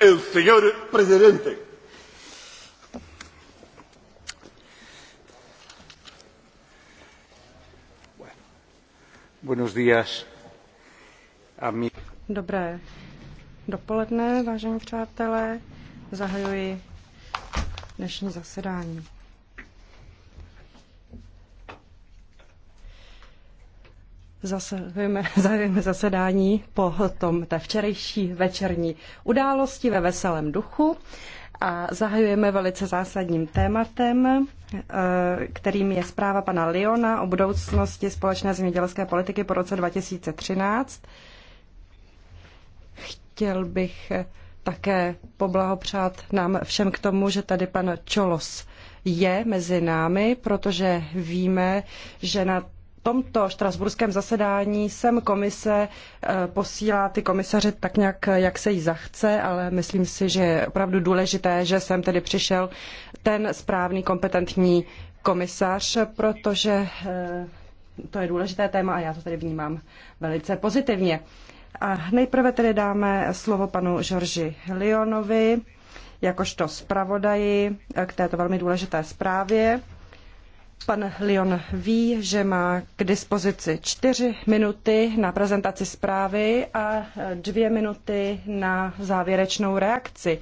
el señor presidente. Buenos días. A mi... Dobré dopoledne, vážení přátelé. Zahajuji dnešní zasedání. Zasahujeme, zahajujeme zasedání po tom té včerejší večerní události ve veselém duchu a zahajujeme velice zásadním tématem, eh, kterým je zpráva pana Liona o budoucnosti společné zemědělské politiky po roce 2013. Chtěl bych eh, také poblahopřát nám všem k tomu, že tady pan Čolos je mezi námi, protože víme, že na tomto štrasburském zasedání sem komise eh, posílá ty komisaře tak nějak, jak se jí zachce, ale myslím si, že je opravdu důležité, že sem tedy přišel ten správný kompetentní komisař, protože eh, to je důležité téma a já to tedy vnímám velice pozitivně. A nejprve tedy dáme slovo panu Žorži Lionovi, jakožto zpravodaji eh, k této velmi důležité zprávě. Pan Leon ví, že má k dispozici čtyři minuty na prezentaci zprávy a dvě minuty na závěrečnou reakci.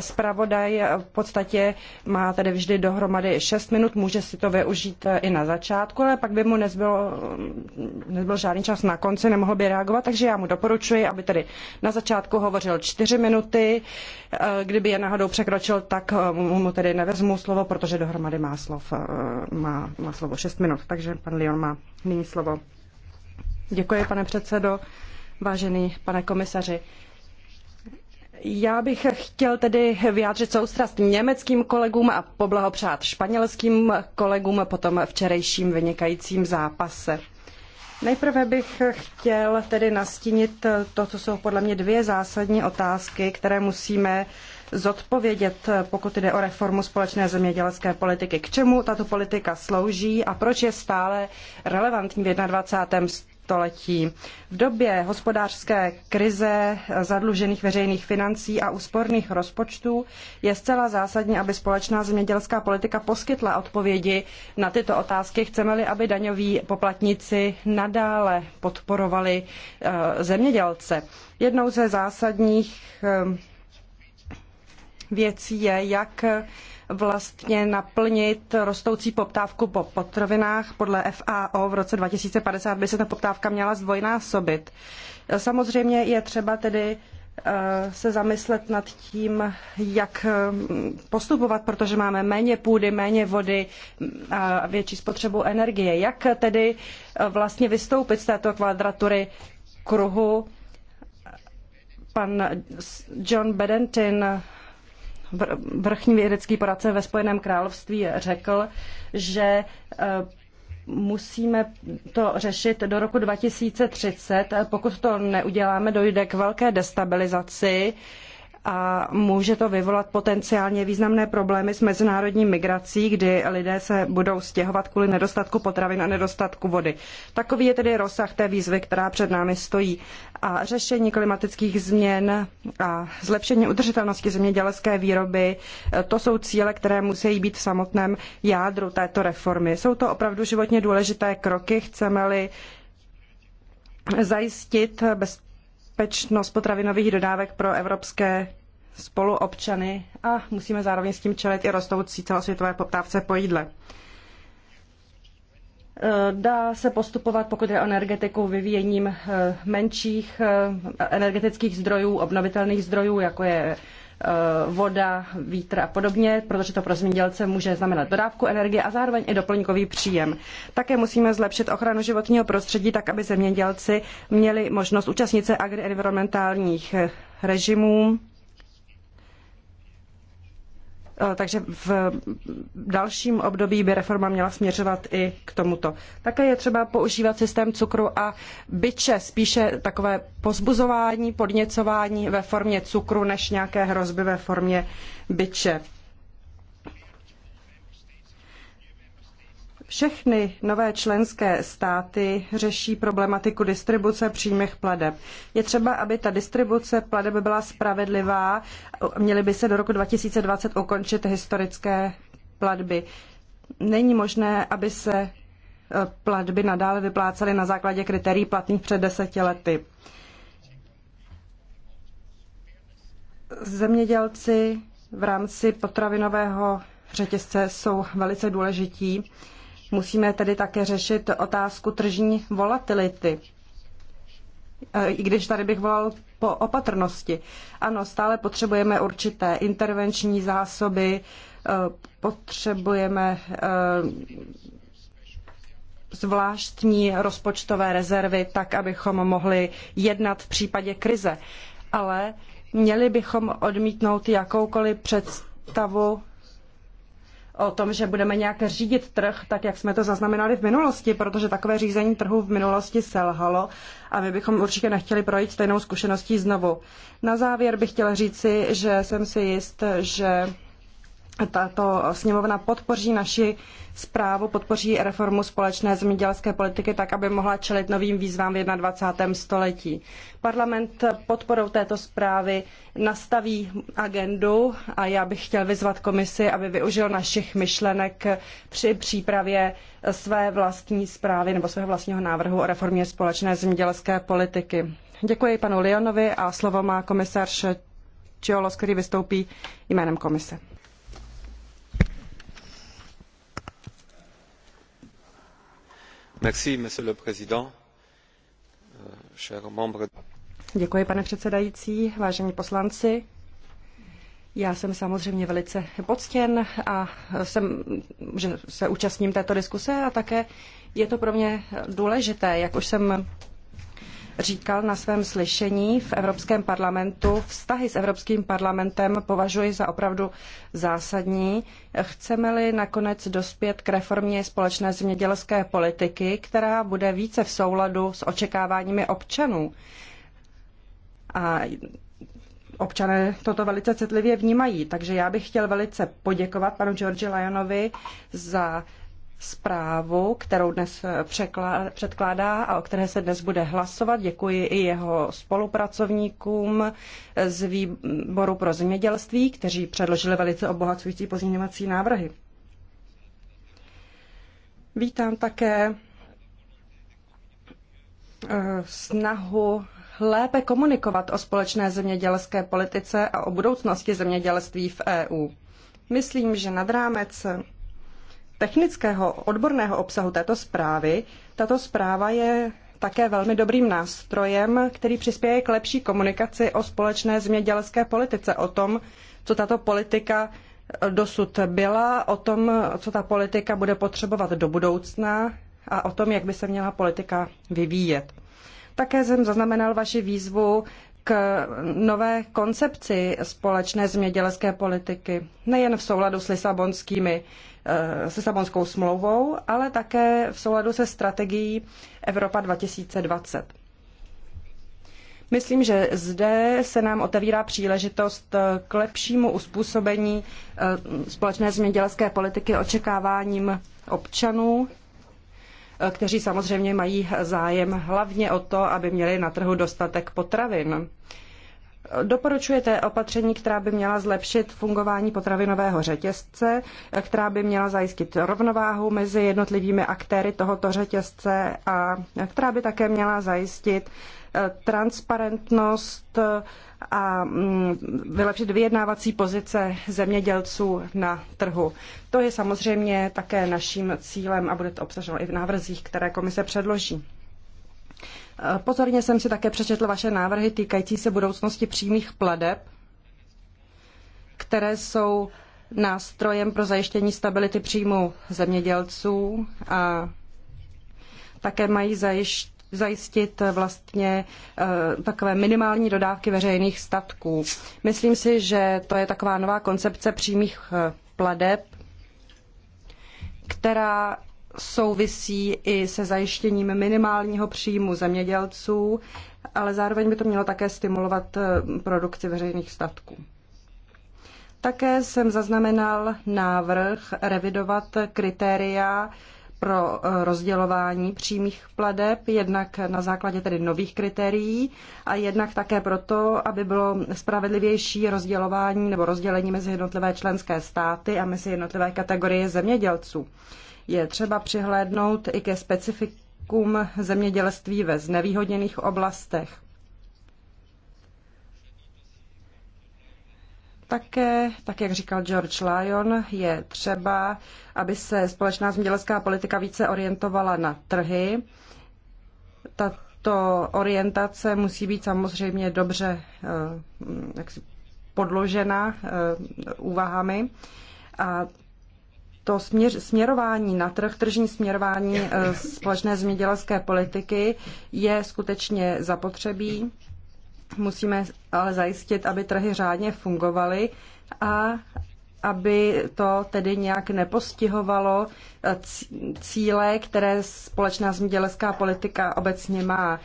Zpravodaj v podstatě má tedy vždy dohromady šest minut, může si to využít eh, i na začátku, ale pak by mu nezbylo, mm, nezbyl žádný čas na konci, nemohl by reagovat, takže já mu doporučuji, aby tedy na začátku hovořil čtyři minuty, eh, kdyby je náhodou překročil, tak eh, mu tedy nevezmu slovo, protože dohromady má slov má má, slovo 6 minut, takže pan Leon má nyní slovo. Děkuji, pane předsedo, vážený pane komisaři. Já bych chtěl tedy vyjádřit soustrast německým kolegům a poblahopřát španělským kolegům po tom včerejším vynikajícím zápase. Nejprve bych chtěl tedy nastínit to, co jsou podle mě dvě zásadní otázky, které musíme zodpovědět, pokud jde o reformu společné zemědělské politiky. K čemu tato politika slouží a proč je stále relevantní v 21. století? V době hospodářské krize, zadlužených veřejných financí a úsporných rozpočtů je zcela zásadní, aby společná zemědělská politika poskytla odpovědi na tyto otázky. Chceme-li, aby daňoví poplatníci nadále podporovali eh, zemědělce. Jednou ze zásadních eh, věcí je, jak vlastně naplnit rostoucí poptávku po potravinách. Podle FAO v roce 2050 by se ta poptávka měla zdvojnásobit. Samozřejmě je třeba tedy eh, se zamyslet nad tím, jak mm, postupovat, protože máme méně půdy, méně vody mm, a větší spotřebu energie. Jak tedy eh, vlastně vystoupit z této kvadratury kruhu? Pan John Bedentin vrchní vědecký poradce ve Spojeném království řekl, že e, musíme to řešit do roku 2030. Pokud to neuděláme, dojde k velké destabilizaci a může to vyvolat potenciálně významné problémy s mezinárodní migrací, kdy lidé se budou stěhovat kvůli nedostatku potravin a nedostatku vody. Takový je tedy rozsah té výzvy, která před námi stojí. A řešení klimatických změn a zlepšení udržitelnosti zemědělské výroby, to jsou cíle, které musí být v samotném jádru této reformy. Jsou to opravdu životně důležité kroky, chceme-li zajistit bez bezpečnost potravinových dodávek pro evropské spoluobčany a musíme zároveň s tím čelit i rostoucí celosvětové poptávce po jídle. Eh, dá se postupovat, pokud je o energetiku, vyvíjením eh, menších eh, energetických zdrojů, obnovitelných zdrojů, jako je Eh, voda, vítr a podobně, protože to pro zemědělce může znamenat dodávku energie a zároveň i doplňkový příjem. Také musíme zlepšit ochranu životního prostředí tak, aby zemědělci měli možnost účastnit se agri-environmentálních režimů Eh, takže v dalším období by reforma měla směřovat i k tomuto. Také je třeba používat systém cukru a byče, spíše takové pozbuzování, podněcování ve formě cukru než nějaké hrozby ve formě byče. Všechny nové členské státy řeší problematiku distribuce přímých pladeb. Je třeba, aby ta distribuce pladeb byla spravedlivá. Měly by se do roku 2020 ukončit historické platby. Není možné, aby se e, platby nadále vyplácely na základě kritérií platných před deseti lety. Zemědělci v rámci potravinového řetězce jsou velice důležití Musíme tedy také řešit otázku tržní volatility. E, I když tady bych volal po opatrnosti. Ano, stále potřebujeme určité intervenční zásoby, e, potřebujeme e, zvláštní rozpočtové rezervy, tak abychom mohli jednat v případě krize. Ale měli bychom odmítnout jakoukoliv představu o tom, že budeme nějak řídit trh, tak jak jsme to zaznamenali v minulosti, protože takové řízení trhu v minulosti selhalo a my bychom určitě nechtěli projít stejnou zkušeností znovu. Na závěr bych chtěla říci, že jsem si jist, že tato sněmovna podpoří naši zprávu, podpoří reformu společné zemědělské politiky tak, aby mohla čelit novým výzvám v 21. století. Parlament podporou této zprávy nastaví agendu a já bych chtěl vyzvat komisi, aby využil našich myšlenek při přípravě své vlastní zprávy nebo svého vlastního návrhu o reformě společné zemědělské politiky. Děkuji panu Leonovi a slovo má komisař Čiolos, který vystoupí jménem komise. Euh, Děkuji, pane předsedající, vážení poslanci. Já jsem samozřejmě velice poctěn a jsem, že se účastním této diskuse a také je to pro mě důležité, jak už jsem říkal na svém slyšení v Evropském parlamentu. Vztahy s Evropským parlamentem považuji za opravdu zásadní. Chceme-li nakonec dospět k reformě společné zemědělské politiky, která bude více v souladu s očekáváními občanů. A občané toto velice citlivě vnímají. Takže já bych chtěl velice poděkovat panu Georgi Lyonovi za zprávu, kterou dnes eh, předkládá a o které se dnes bude hlasovat. Děkuji i jeho spolupracovníkům z výboru pro zemědělství, kteří předložili velice obohacující pozměňovací návrhy. Vítám také eh, snahu lépe komunikovat o společné zemědělské politice a o budoucnosti zemědělství v EU. Myslím, že nad rámec technického odborného obsahu této zprávy, tato zpráva je také velmi dobrým nástrojem, který přispěje k lepší komunikaci o společné zemědělské politice, o tom, co tato politika eh, dosud byla, o tom, co ta politika bude potřebovat do budoucna a o tom, jak by se měla politika vyvíjet. Také jsem zaznamenal vaši výzvu k nové koncepci společné zemědělské politiky, nejen v souladu s Lisabonskými Eh, se Sabonskou smlouvou, ale také v souladu se strategií Evropa 2020. Myslím, že zde se nám otevírá příležitost eh, k lepšímu uspůsobení eh, společné zemědělské politiky očekáváním občanů, kteří samozřejmě mají zájem hlavně o to, aby měli na trhu dostatek potravin doporučujete opatření, která by měla zlepšit fungování potravinového řetězce, která by měla zajistit rovnováhu mezi jednotlivými aktéry tohoto řetězce a která by také měla zajistit eh, transparentnost eh, a mm, vylepšit vyjednávací pozice zemědělců na trhu. To je samozřejmě také naším cílem a bude to obsaženo i v návrzích, které komise předloží. Pozorně jsem si také přečetl vaše návrhy týkající se budoucnosti přímých pladeb, které jsou nástrojem pro zajištění stability příjmu zemědělců a také mají zajistit vlastně eh, takové minimální dodávky veřejných statků. Myslím si, že to je taková nová koncepce přímých eh, pladeb, která souvisí i se zajištěním minimálního příjmu zemědělců, ale zároveň by to mělo také stimulovat eh, produkci veřejných statků. Také jsem zaznamenal návrh revidovat kritéria pro eh, rozdělování přímých pladeb, jednak na základě tedy nových kritérií a jednak také proto, aby bylo spravedlivější rozdělování nebo rozdělení mezi jednotlivé členské státy a mezi jednotlivé kategorie zemědělců. Je třeba přihlédnout i ke specifikům zemědělství ve znevýhodněných oblastech. také, tak jak říkal George Lyon, je třeba, aby se společná zemědělská politika více orientovala na trhy. Tato orientace musí být samozřejmě dobře eh, jaksi, podložena eh, úvahami. A to směř, směrování na trh, tržní směrování eh, společné zemědělské politiky je skutečně zapotřebí. Musíme ale zajistit, aby trhy řádně fungovaly a aby to tedy nějak nepostihovalo eh, cíle, které společná zemědělská politika obecně má.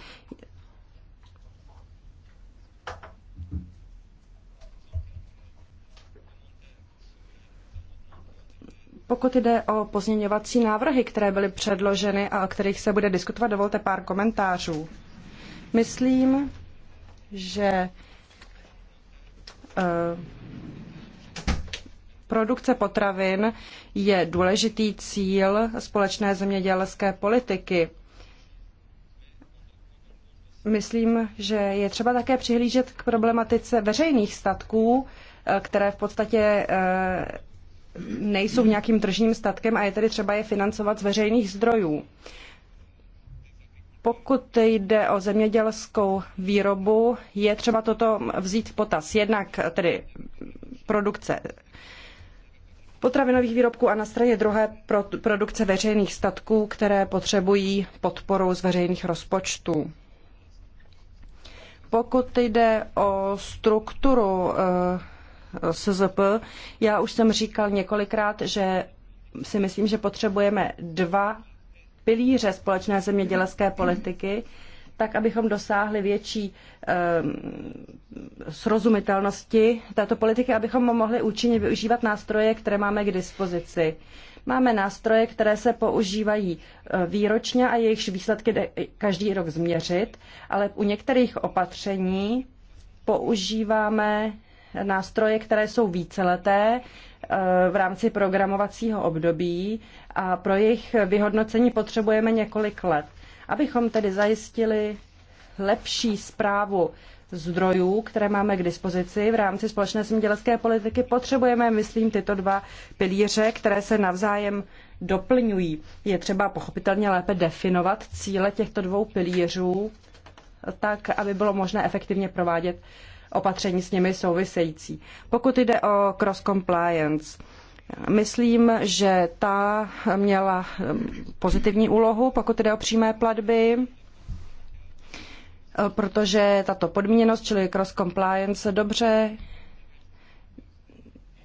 Pokud jde o pozměňovací návrhy, které byly předloženy a o kterých se bude diskutovat, dovolte pár komentářů. Myslím, že eh, produkce potravin je důležitý cíl společné zemědělské politiky. Myslím, že je třeba také přihlížet k problematice veřejných statků, eh, které v podstatě eh, nejsou nějakým tržním statkem a je tedy třeba je financovat z veřejných zdrojů. Pokud jde o zemědělskou výrobu, je třeba toto vzít v potaz. Jednak tedy produkce potravinových výrobků a na straně druhé produkce veřejných statků, které potřebují podporu z veřejných rozpočtů. Pokud jde o strukturu eh, SZP. Já už jsem říkal několikrát, že si myslím, že potřebujeme dva pilíře společné zemědělské politiky, tak abychom dosáhli větší ehm, srozumitelnosti této politiky, abychom mohli účinně využívat nástroje, které máme k dispozici. Máme nástroje, které se používají e, výročně a jejichž výsledky jde každý rok změřit, ale u některých opatření používáme nástroje, které jsou víceleté eh, v rámci programovacího období a pro jejich vyhodnocení potřebujeme několik let. Abychom tedy zajistili lepší zprávu zdrojů, které máme k dispozici v rámci společné zemědělské politiky, potřebujeme, myslím, tyto dva pilíře, které se navzájem doplňují. Je třeba pochopitelně lépe definovat cíle těchto dvou pilířů tak, aby bylo možné efektivně provádět opatření s nimi související. Pokud jde o cross compliance, Myslím, že ta měla um, pozitivní úlohu, pokud jde o přímé platby, protože tato podmíněnost, čili cross compliance, dobře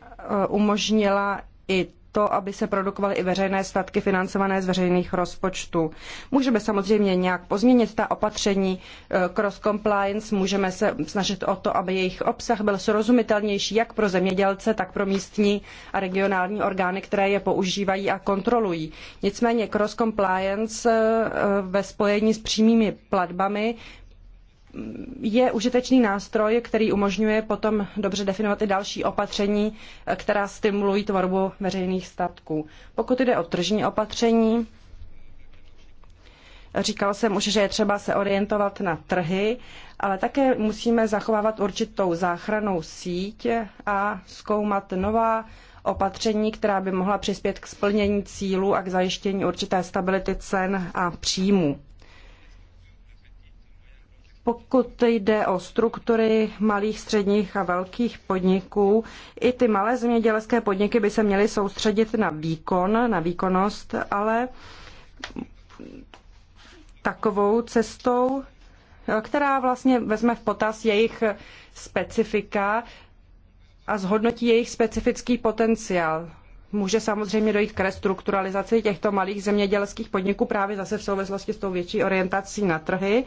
uh, umožnila i to, aby se produkovaly i veřejné statky financované z veřejných rozpočtů. Můžeme samozřejmě nějak pozměnit ta opatření e, cross-compliance, můžeme se snažit o to, aby jejich obsah byl srozumitelnější jak pro zemědělce, tak pro místní a regionální orgány, které je používají a kontrolují. Nicméně cross-compliance e, ve spojení s přímými platbami je užitečný nástroj, který umožňuje potom dobře definovat i další opatření, která stimulují tvorbu veřejných statků. Pokud jde o tržní opatření, Říkal jsem už, že je třeba se orientovat na trhy, ale také musíme zachovávat určitou záchranou síť a zkoumat nová opatření, která by mohla přispět k splnění cílů a k zajištění určité stability cen a příjmů. Pokud jde o struktury malých, středních a velkých podniků, i ty malé zemědělské podniky by se měly soustředit na výkon, na výkonnost, ale takovou cestou, která vlastně vezme v potaz jejich specifika a zhodnotí jejich specifický potenciál může samozřejmě dojít k restrukturalizaci těchto malých zemědělských podniků právě zase v souvislosti s tou větší orientací na trhy,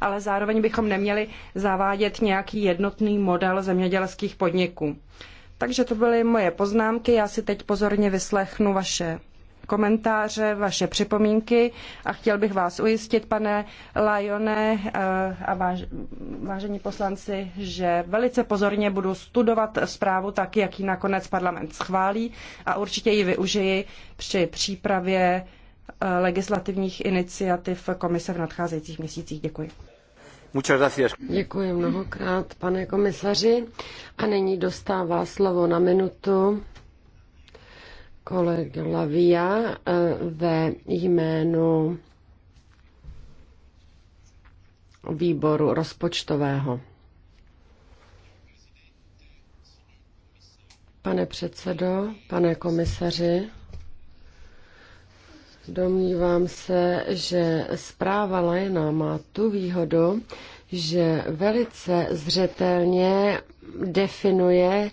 ale zároveň bychom neměli zavádět nějaký jednotný model zemědělských podniků. Takže to byly moje poznámky, já si teď pozorně vyslechnu vaše komentáře, vaše připomínky a chtěl bych vás ujistit, pane Lajone eh, a váž, vážení poslanci, že velice pozorně budu studovat zprávu tak, jak ji nakonec parlament schválí a určitě ji využiji při přípravě eh, legislativních iniciativ komise v nadcházejících měsících. Děkuji. Děkuji mnohokrát, pane komisaři. A nyní dostává slovo na minutu koleg Lavia eh, ve jménu výboru rozpočtového. Pane předsedo, pane komisaři, domnívám se, že zpráva Lajna má tu výhodu, že velice zřetelně definuje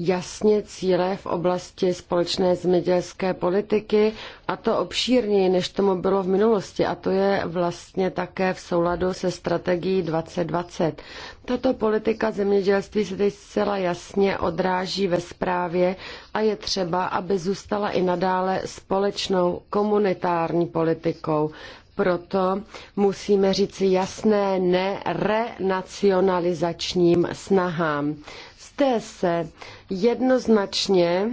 jasně cíle v oblasti společné zemědělské politiky a to obšírněji, než tomu bylo v minulosti a to je vlastně také v souladu se strategií 2020. Tato politika zemědělství se teď zcela jasně odráží ve zprávě a je třeba, aby zůstala i nadále společnou komunitární politikou, proto musíme říci jasné ne renacionalizačním snahám. Zde se jednoznačně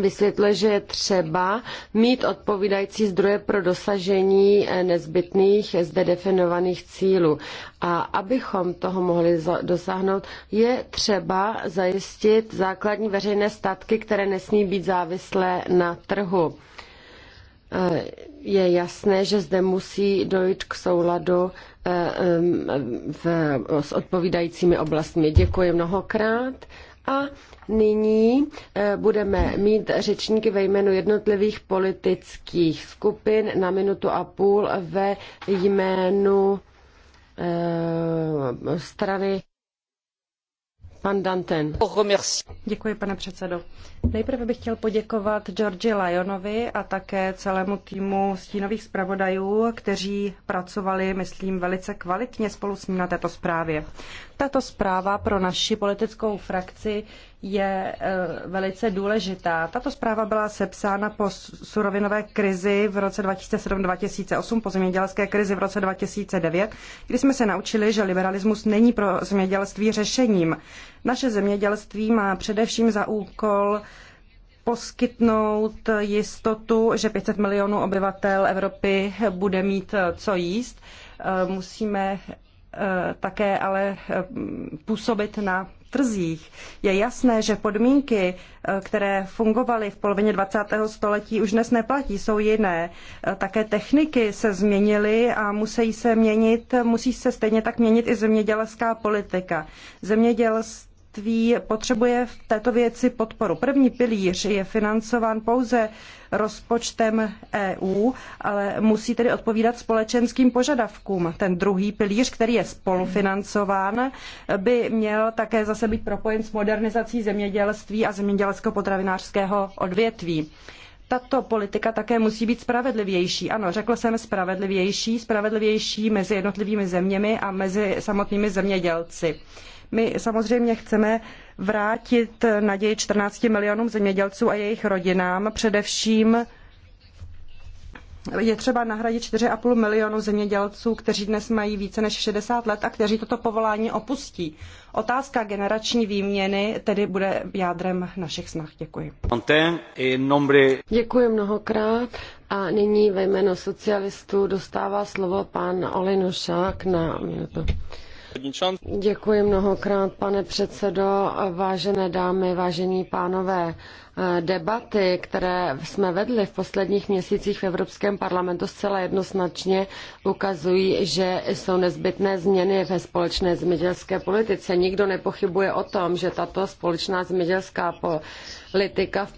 vysvětle, že je třeba mít odpovídající zdroje pro dosažení eh, nezbytných eh, zde definovaných cílů. A abychom toho mohli dosáhnout, je třeba zajistit základní veřejné statky, které nesmí být závislé na trhu eh, je jasné, že zde musí dojít k souladu eh, v, s odpovídajícími oblastmi. Děkuji mnohokrát. A nyní eh, budeme mít řečníky ve jménu jednotlivých politických skupin na minutu a půl ve jménu eh, strany. Děkuji, pane předsedo. Nejprve bych chtěl poděkovat Georgi Lyonovi a také celému týmu stínových zpravodajů, kteří pracovali, myslím, velice kvalitně spolu s ním na této zprávě. Tato zpráva pro naši politickou frakci je e, velice důležitá. Tato zpráva byla sepsána po surovinové krizi v roce 2007-2008, po zemědělské krizi v roce 2009, kdy jsme se naučili, že liberalismus není pro zemědělství řešením. Naše zemědělství má především za úkol poskytnout jistotu, že 500 milionů obyvatel Evropy bude mít e, co jíst. E, musíme Eh, také ale eh, působit na trzích. Je jasné, že podmínky, eh, které fungovaly v polovině 20. století, už dnes neplatí, jsou jiné. Také techniky se změnily a musí se měnit, musí se stejně tak měnit i zemědělská politika. Zemědělství zdravotnictví potřebuje v této věci podporu. První pilíř je financován pouze rozpočtem EU, ale musí tedy odpovídat společenským požadavkům. Ten druhý pilíř, který je spolufinancován, by měl také zase být propojen s modernizací zemědělství a zemědělského potravinářského odvětví tato politika také musí být spravedlivější. Ano, řekl jsem spravedlivější, spravedlivější mezi jednotlivými zeměmi a mezi samotnými zemědělci. My samozřejmě chceme vrátit naději 14 milionům zemědělců a jejich rodinám, především je třeba nahradit 4,5 milionu zemědělců, kteří dnes mají více než 60 let a kteří toto povolání opustí. Otázka generační výměny tedy bude jádrem našich snah. Děkuji. Děkuji mnohokrát. A nyní ve jméno socialistů dostává slovo pan Olinošák na minutu. Děkuji mnohokrát, pane předsedo, vážené dámy, vážení pánové. Debaty, které jsme vedli v posledních měsících v Evropském parlamentu, zcela jednoznačně ukazují, že jsou nezbytné změny ve společné zemědělské politice. Nikdo nepochybuje o tom, že tato společná zemědělská politika politika v,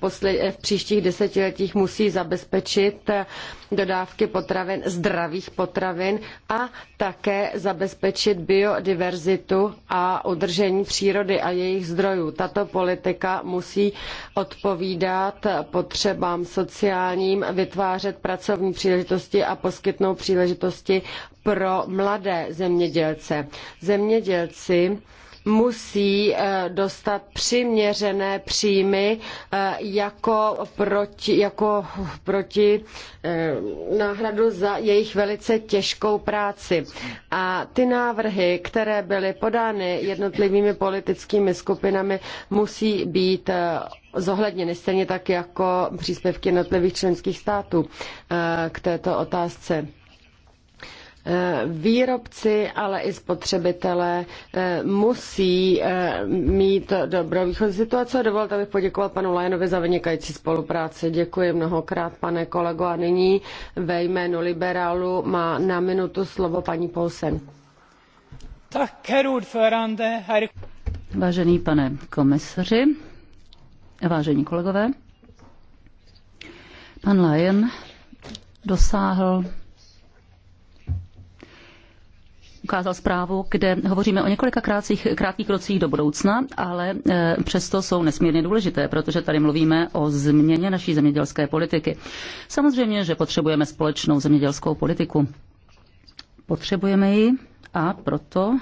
v příštích desetiletích musí zabezpečit eh, dodávky potravin, zdravých potravin a také zabezpečit biodiverzitu a udržení přírody a jejich zdrojů. Tato politika musí odpovídat potřebám sociálním, vytvářet pracovní příležitosti a poskytnout příležitosti pro mladé zemědělce. Zemědělci musí eh, dostat přiměřené příjmy eh, jako proti, jako proti eh, náhradu za jejich velice těžkou práci. A ty návrhy, které byly podány jednotlivými politickými skupinami, musí být zohledněny, stejně tak jako příspěvky jednotlivých členských států k této otázce. Eh, výrobci, ale i spotřebitelé eh, musí eh, mít dobrou výchozí situaci. Dovolte, abych poděkoval panu Lajenovi za vynikající spolupráci. Děkuji mnohokrát, pane kolego. A nyní ve jménu liberálu má na minutu slovo paní Polsen. Tak, Vážený pane komisaři, vážení kolegové, pan Lajen dosáhl ukázal zprávu, kde hovoříme o několika krátkých, krátkých krocích do budoucna, ale eh, přesto jsou nesmírně důležité, protože tady mluvíme o změně naší zemědělské politiky. Samozřejmě, že potřebujeme společnou zemědělskou politiku. Potřebujeme ji a proto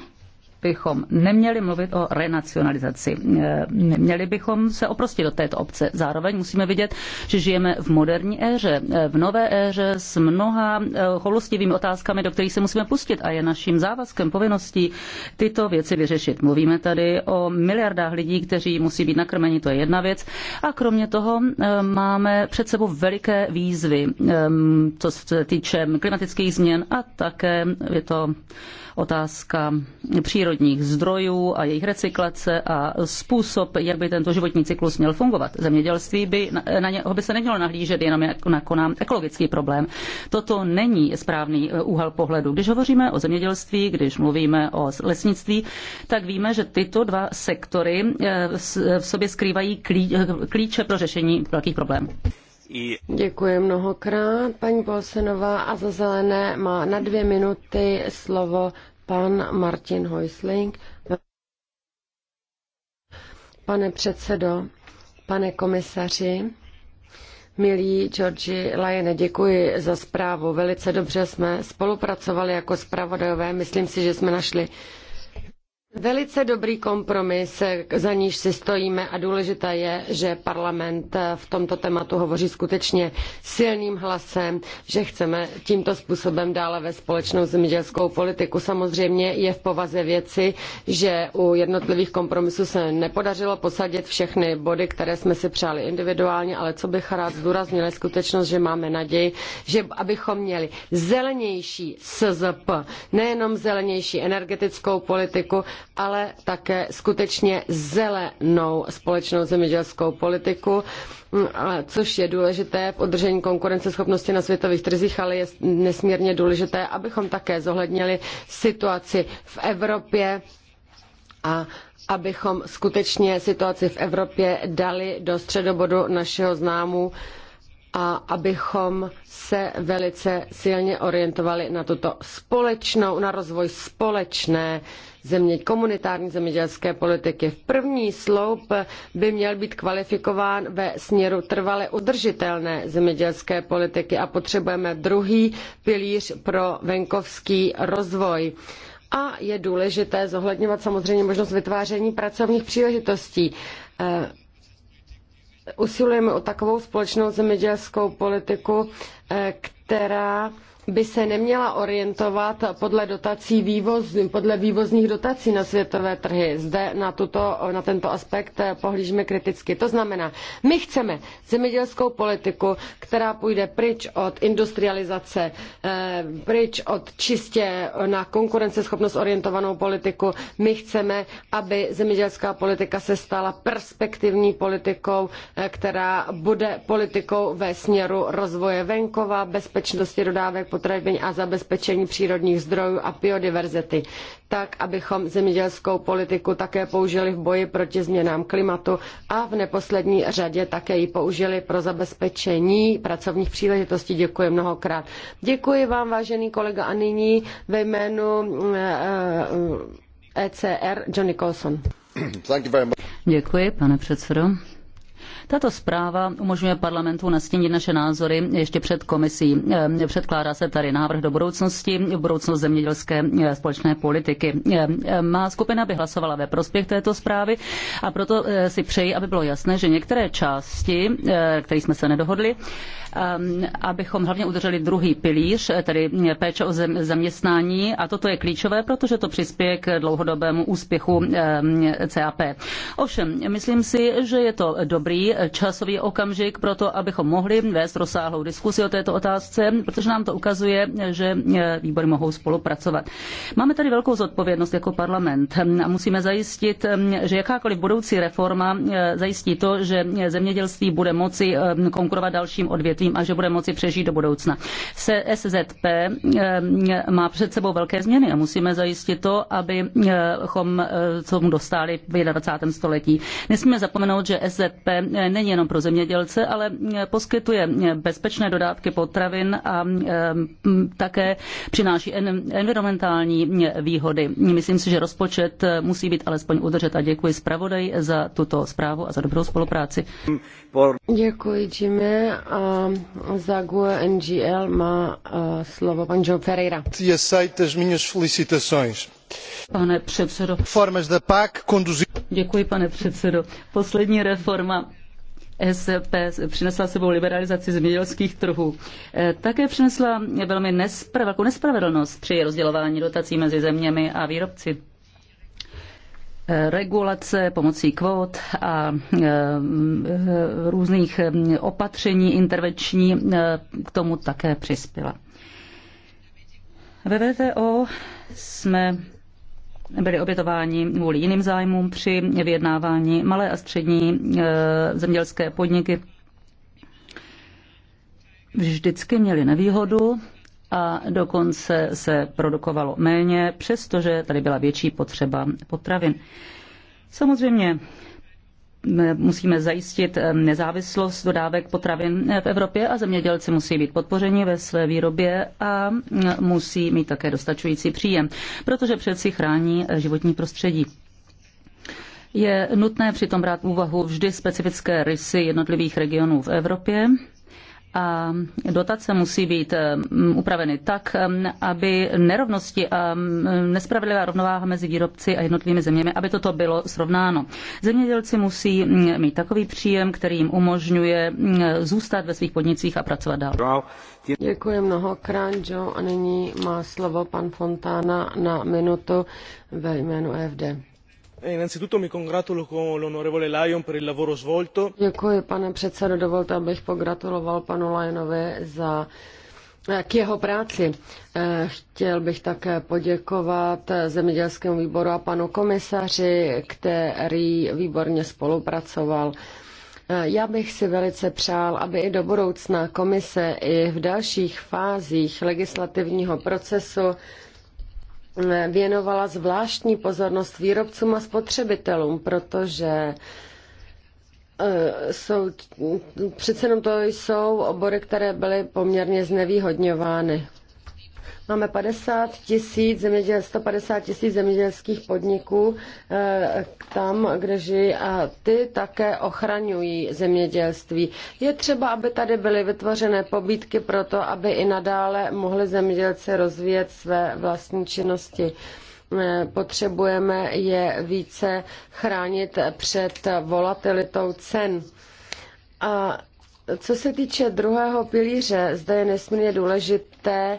bychom neměli mluvit o renacionalizaci. Eh, měli bychom se oprostit do této obce. Zároveň musíme vidět, že žijeme v moderní éře, eh, v nové éře s mnoha eh, holostivými otázkami, do kterých se musíme pustit a je naším závazkem, povinností tyto věci vyřešit. Mluvíme tady o miliardách lidí, kteří musí být nakrmeni, to je jedna věc. A kromě toho máme před sebou veliké výzvy, co se týče klimatických změn a také je to otázka přírodních zdrojů a jejich recyklace a způsob, jak by tento životní cyklus měl fungovat. Zemědělství by na ně, by se nemělo nahlížet jenom jako na jako ekologický problém. Toto není správný eh, úhel pohledu. Když hovoříme o zemědělství, když mluvíme o lesnictví, tak víme, že tyto dva sektory eh, v sobě skrývají eh, klíče pro řešení velkých problémů. Děkuji mnohokrát, paní Polsenová. A za zelené má na dvě minuty slovo pan Martin Heusling. Pane předsedo, pane komisaři, Milí Georgi Lajene, děkuji za zprávu. Velice dobře jsme spolupracovali jako zpravodajové. Myslím si, že jsme našli Velice dobrý kompromis, za níž si stojíme a důležité je, že parlament v tomto tématu hovoří skutečně silným hlasem, že chceme tímto způsobem dále ve společnou zemědělskou politiku. Samozřejmě je v povaze věci, že u jednotlivých kompromisů se nepodařilo posadit všechny body, které jsme si přáli individuálně, ale co bych rád zdůraznil je skutečnost, že máme naději, že abychom měli zelenější SZP, nejenom zelenější energetickou politiku, ale také skutečně zelenou společnou zemědělskou politiku, mm, což je důležité v udržení konkurenceschopnosti na světových trzích, ale je nesmírně důležité, abychom také zohlednili situaci v Evropě a abychom skutečně situaci v Evropě dali do středobodu našeho známu a abychom se velice silně orientovali na tuto společnou, na rozvoj společné země, komunitární zemědělské politiky. V první sloup by měl být kvalifikován ve směru trvale udržitelné zemědělské politiky a potřebujeme druhý pilíř pro venkovský rozvoj. A je důležité zohledňovat samozřejmě možnost vytváření pracovních příležitostí eh, usilujeme o takovou společnou zemědělskou politiku, eh, která by se neměla orientovat podle dotací vývoz, podle vývozních dotací na světové trhy. Zde na, tuto, na tento aspekt pohlížíme kriticky. To znamená, my chceme zemědělskou politiku, která půjde pryč od industrializace, eh, pryč od čistě na konkurenceschopnost orientovanou politiku. My chceme, aby zemědělská politika se stala perspektivní politikou, eh, která bude politikou ve směru rozvoje venkova, bezpečnosti dodávek potravin a zabezpečení přírodních zdrojů a biodiverzity, tak abychom zemědělskou politiku také použili v boji proti změnám klimatu a v neposlední řadě také ji použili pro zabezpečení pracovních příležitostí. Děkuji mnohokrát. Děkuji vám, vážený kolega, a nyní ve jménu ECR eh, eh, eh, e Johnny Nicholson. Děkuji, pane předsedo. Tato zpráva umožňuje parlamentu nastínit naše názory ještě před komisí. Ehm, předkládá se tady návrh do budoucnosti, budoucnost zemědělské eh, společné politiky. Ehm, ehm, má skupina by hlasovala ve prospěch této zprávy a proto eh, si přeji, aby bylo jasné, že některé části, eh, které jsme se nedohodli, abychom hlavně udrželi druhý pilíř, tedy péče o zaměstnání a toto je klíčové, protože to přispěje k dlouhodobému úspěchu CAP. Ovšem, myslím si, že je to dobrý časový okamžik pro to, abychom mohli vést rozsáhlou diskusi o této otázce, protože nám to ukazuje, že e, výbory mohou spolupracovat. Máme tady velkou zodpovědnost jako parlament a musíme zajistit, e, že jakákoliv budoucí reforma e, zajistí to, že zemědělství bude moci konkurovat dalším odvětvím a že bude moci přežít do budoucna. Se SZP má před sebou velké změny a musíme zajistit to, abychom mu dostali v 21. století. Nesmíme zapomenout, že SZP není jenom pro zemědělce, ale eh, poskytuje eh, bezpečné dodávky potravin a eh, také přináší environmentální výhody. Myslím si, že rozpočet musí být alespoň udržet a děkuji zpravodaj za tuto zprávu a za dobrou spolupráci. Děkuji, Jimmy. A za GUE NGL má slovo pan Joe Ferreira. E pane předsedo. Děkuji, pane předsedo. Poslední reforma SP přinesla sebou liberalizaci zemědělských trhů. E, také přinesla velmi nespr- velkou jako nespravedlnost při rozdělování dotací mezi zeměmi a výrobci e, regulace pomocí kvót a e, různých opatření intervenční k tomu také přispěla. Ve VTO jsme byli obětováni kvůli jiným zájmům při vyjednávání malé a střední e, zemědělské podniky vždycky měli nevýhodu a dokonce se produkovalo méně, přestože tady byla větší potřeba potravin. Samozřejmě musíme zajistit eh, nezávislost dodávek potravin eh, v Evropě a zemědělci musí být podpořeni ve své výrobě a eh, musí mít také dostačující příjem, protože přeci chrání životní prostředí. Je nutné přitom brát v úvahu vždy specifické rysy jednotlivých regionů v Evropě a dotace musí být mm, upraveny tak, mm, aby nerovnosti a mm, nespravedlivá rovnováha mezi výrobci a jednotlivými zeměmi, aby toto bylo srovnáno. Zemědělci musí mít takový příjem, který jim umožňuje zůstat ve svých podnicích a pracovat dál. Děkuji mnohokrát, Joe. A nyní má slovo pan Fontána na minutu ve jménu e FD. Eh, innanzitutto mi congratulo con l'onorevole Lyon per il lavoro svolto. Děkuji, pane předsedo, dovolte, abych pogratuloval panu Lyonovi za eh, k jeho práci. Eh, chtěl bych také poděkovat zemědělskému výboru a panu komisaři, který výborně spolupracoval. Já bych si velice přál, aby i do budoucna komise i v dalších fázích legislativního procesu věnovala zvláštní pozornost výrobcům a spotřebitelům, protože e, jsou, přece jenom to jsou obory, které byly poměrně znevýhodňovány. Máme 50 tisíc zeměděl, 150 tisíc zemědělských podniků eh, tam, kde žijí a ty také ochraňují zemědělství. Je třeba, aby tady byly vytvořené pobídky pro to, aby i nadále mohli zemědělci rozvíjet své vlastní činnosti eh, potřebujeme je více chránit před volatilitou cen. A co se týče druhého pilíře, zde je nesmírně důležité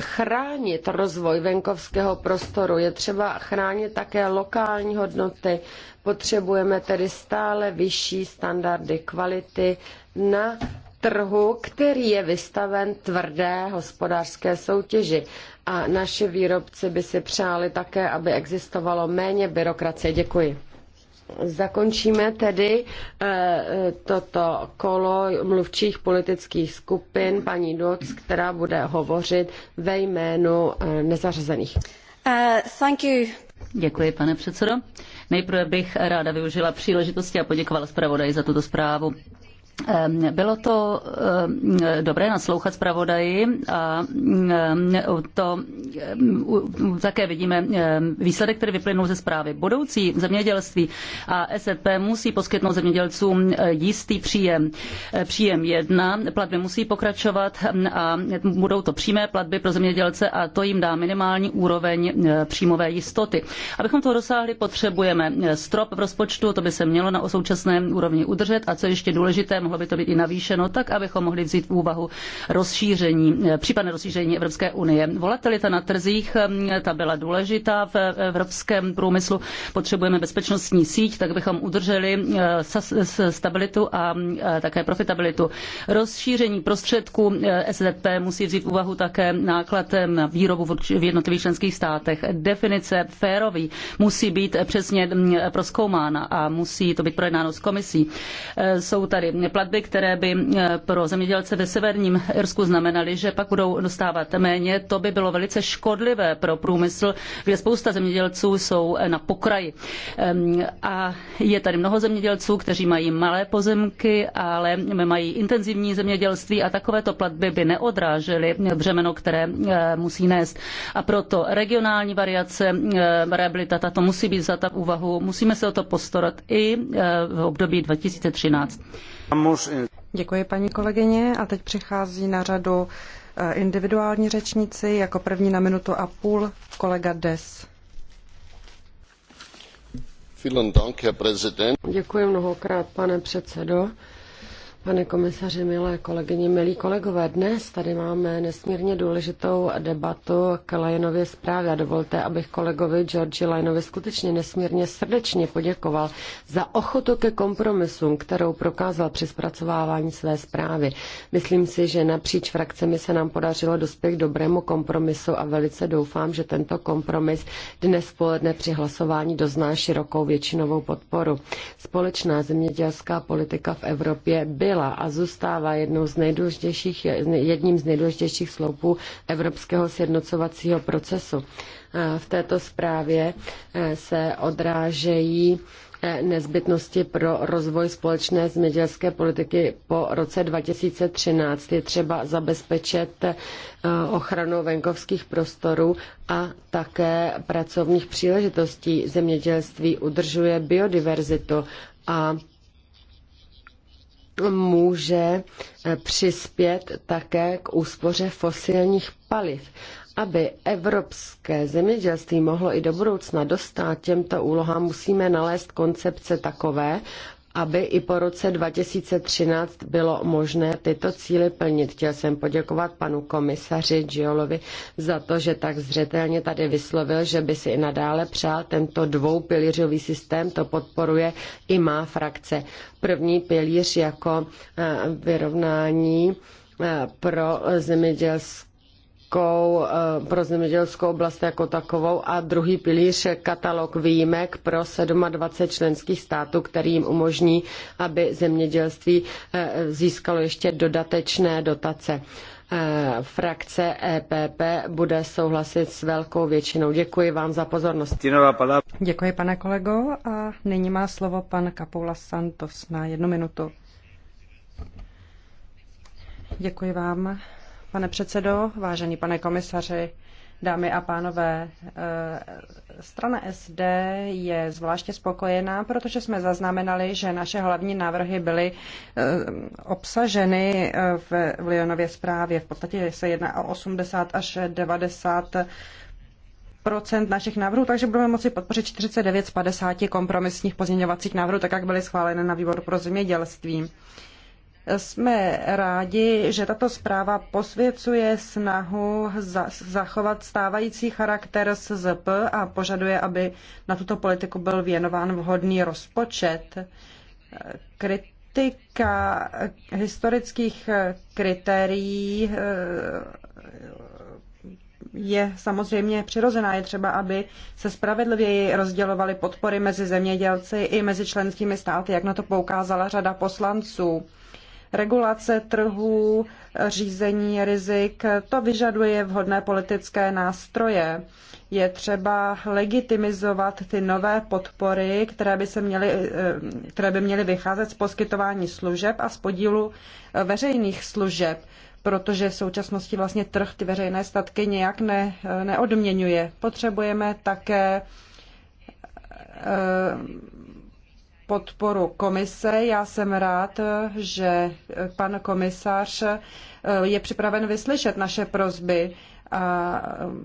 chránit rozvoj venkovského prostoru. Je třeba chránit také lokální hodnoty. Potřebujeme tedy stále vyšší standardy kvality na trhu, který je vystaven tvrdé hospodářské soutěži. A naši výrobci by si přáli také, aby existovalo méně byrokracie. Děkuji. Zakončíme tedy eh, toto kolo mluvčích politických skupin paní Doc, která bude hovořit ve jménu eh, nezařazených. Uh, thank you. Děkuji, pane předsedo. Nejprve bych ráda využila příležitosti a poděkovala zpravodaji za tuto zprávu. Ehm, bylo to ehm, dobré naslouchat zpravodaji a ehm, to také vidíme výsledek, který vyplynul ze zprávy. Budoucí zemědělství a SFP musí poskytnout zemědělcům eh, jistý příjem. Eh, příjem jedna, platby musí pokračovat a budou to přímé platby pro zemědělce a to jim dá minimální úroveň eh, příjmové jistoty. Abychom toho dosáhli, potřebujeme strop v rozpočtu, to by se mělo na současné úrovni udržet a co ještě důležité, mohlo by to být i navýšeno, tak abychom mohli vzít v úvahu rozšíření, eh, případné rozšíření Evropské unie. Volatilita na trzích, eh, ta byla důležitá eh, v evropském průmyslu. Potřebujeme bezpečnostní síť, tak bychom udrželi stabilitu a také profitabilitu. Rozšíření prostředků SZP musí vzít v úvahu také náklad na výrobu v jednotlivých členských státech. Definice férový musí být přesně mm, proskoumána a musí to být projednáno s komisí. Jsou tady platby, které by eh, pro zemědělce ve severním Irsku znamenaly, že pak budou dostávat méně, to by bylo velice škodlivé pro průmysl, kde spousta zemědělců jsou eh, na pokraji. Ehm, a je tady mnoho zemědělců, kteří mají malé pozemky, ale mají intenzivní zemědělství a takovéto platby by neodrážely břemeno, které eh, musí nést. A proto regionální variace, rehabilitata, to musí být vzata v úvahu. Musíme se o to postarat i v období 2013. Děkuji paní kolegyně a teď přichází na řadu eh, individuální řečníci, jako první na minutu a půl kolega Des. Děkuji mnohokrát, pane předsedo. Pane komisaři, milé kolegyně, milí kolegové, dnes tady máme nesmírně důležitou debatu k Lajnově zprávě a dovolte, abych kolegovi Georgi Lajnovi skutečně nesmírně srdečně poděkoval za ochotu ke kompromisům, kterou prokázal při zpracovávání své zprávy. Myslím si, že napříč frakcemi se nám podařilo dospět k dobrému kompromisu a velice doufám, že tento kompromis dnes poledne při hlasování dozná širokou většinovou podporu. Společná zemědělská politika v Evropě by byla a zůstává jednou z nejdůležitějších, jedním z nejdůležitějších sloupů evropského sjednocovacího procesu. Eh, v této zprávě eh, se odrážejí eh, nezbytnosti pro rozvoj společné zemědělské politiky po roce 2013. Je třeba zabezpečit ochranu venkovských prostorů a také pracovních příležitostí. Zemědělství udržuje biodiverzitu a může eh, přispět také k úspoře fosilních paliv. Aby evropské zemědělství mohlo i do budoucna dostat těmto úlohám, musíme nalézt koncepce takové, aby i po roce 2013 bylo možné tyto cíle plnit. Chtěl jsem poděkovat panu komisaři Giolovi za to, že tak zřetelně tady vyslovil, že by si i nadále přál tento dvoupilířový systém. To podporuje i má frakce. První pilíř jako eh, vyrovnání eh, pro zemědělské zemědělskou, eh, pro zemědělskou oblast jako takovou a druhý pilíř katalog výjimek pro 27 členských států, který jim umožní, aby zemědělství eh, získalo ještě dodatečné dotace eh, frakce EPP bude souhlasit s velkou většinou. Děkuji vám za pozornost. Děkuji, pane kolego. A nyní má slovo pan Kapoula Santos na jednu minutu. Děkuji vám, Pane předsedo, vážený pane komisaři, dámy a pánové, eh, strana SD je zvláště spokojená, protože jsme zaznamenali, že naše hlavní návrhy byly eh, obsaženy eh, v Lyonově zprávě. V podstatě se jedná o 80 až 90 procent našich návrhů, takže budeme moci podpořit 49 z 50 kompromisních pozměňovacích návrhů, tak jak byly schváleny na výboru pro zemědělství. Jsme rádi, že tato zpráva posvěcuje snahu za, zachovat stávající charakter SZP a požaduje, aby na tuto politiku byl věnován vhodný rozpočet. Kritika historických kritérií eh, je samozřejmě přirozená. Je třeba, aby se spravedlivěji rozdělovaly podpory mezi zemědělci i mezi členskými státy, jak na to poukázala řada poslanců regulace trhů, řízení rizik, to vyžaduje vhodné politické nástroje. Je třeba legitimizovat ty nové podpory, které by, se měly, eh, které by měly vycházet z poskytování služeb a z podílu eh, veřejných služeb protože v současnosti vlastně trh ty veřejné statky nějak ne, eh, neodměňuje. Potřebujeme také podporu komise. Já jsem rád, že pan komisař eh, je připraven vyslyšet naše prozby a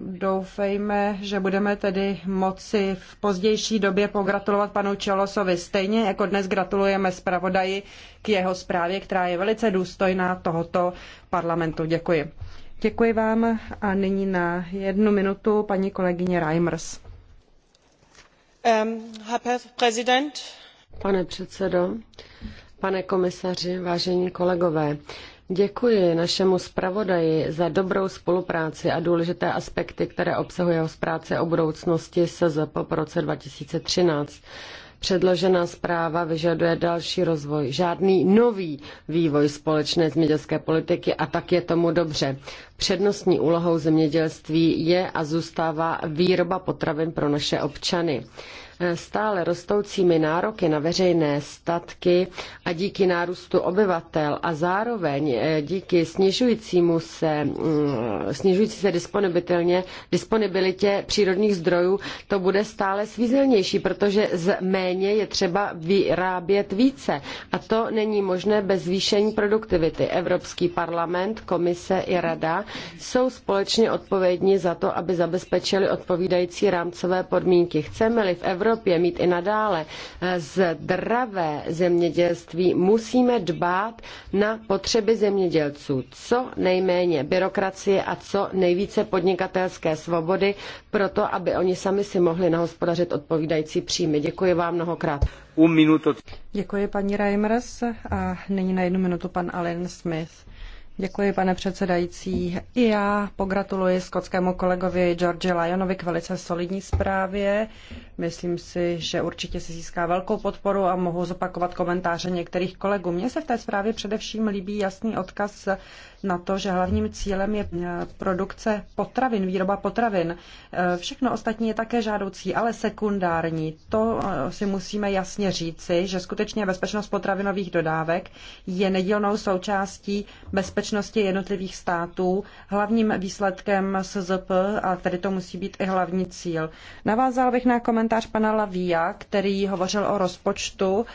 doufejme, že budeme tedy moci v pozdější době pogratulovat panu Čelosovi stejně, jako dnes gratulujeme zpravodaji k jeho zprávě, která je velice důstojná tohoto parlamentu. Děkuji. Děkuji vám a nyní na jednu minutu paní kolegyně Reimers. Um, Herr Präsident, Pane předsedo, pane komisaři, vážení kolegové, Děkuji našemu zpravodaji za dobrou spolupráci a důležité aspekty, které obsahuje jeho zpráce o budoucnosti SZP po roce 2013. Předložená zpráva vyžaduje další rozvoj, žádný nový vývoj společné zemědělské politiky a tak je tomu dobře. Přednostní úlohou zemědělství je a zůstává výroba potravin pro naše občany stále rostoucími nároky na veřejné statky a díky nárůstu obyvatel a zároveň eh, díky snižujícímu se, mm, snižující se disponibilně, disponibilitě přírodních zdrojů, to bude stále svízelnější, protože z méně je třeba vyrábět více. A to není možné bez zvýšení produktivity. Evropský parlament, komise i rada jsou společně odpovědní za to, aby zabezpečili odpovídající rámcové podmínky. Chceme-li v Evropě Evropě mít i nadále eh, zdravé zemědělství, musíme dbát na potřeby zemědělců. Co nejméně byrokracie a co nejvíce podnikatelské svobody, proto aby oni sami si mohli nahospodařit odpovídající příjmy. Děkuji vám mnohokrát. Děkuji paní Reimers a není na jednu minutu pan Allen Smith. Děkuji, pane předsedající. I já pogratuluji skotskému kolegovi George Lyonovi k velice solidní zprávě. Myslím si, že určitě si získá velkou podporu a mohu zopakovat komentáře některých kolegů. Mně se v té zprávě především líbí jasný odkaz na to, že hlavním cílem je e, produkce potravin, výroba potravin. E, všechno ostatní je také žádoucí, ale sekundární. To e, si musíme jasně říci, že skutečně bezpečnost potravinových dodávek je nedílnou součástí bezpečnosti jednotlivých států. Hlavním výsledkem SZP, a tedy to musí být i hlavní cíl. Navázal bych na komentář pana Lavia, který hovořil o rozpočtu.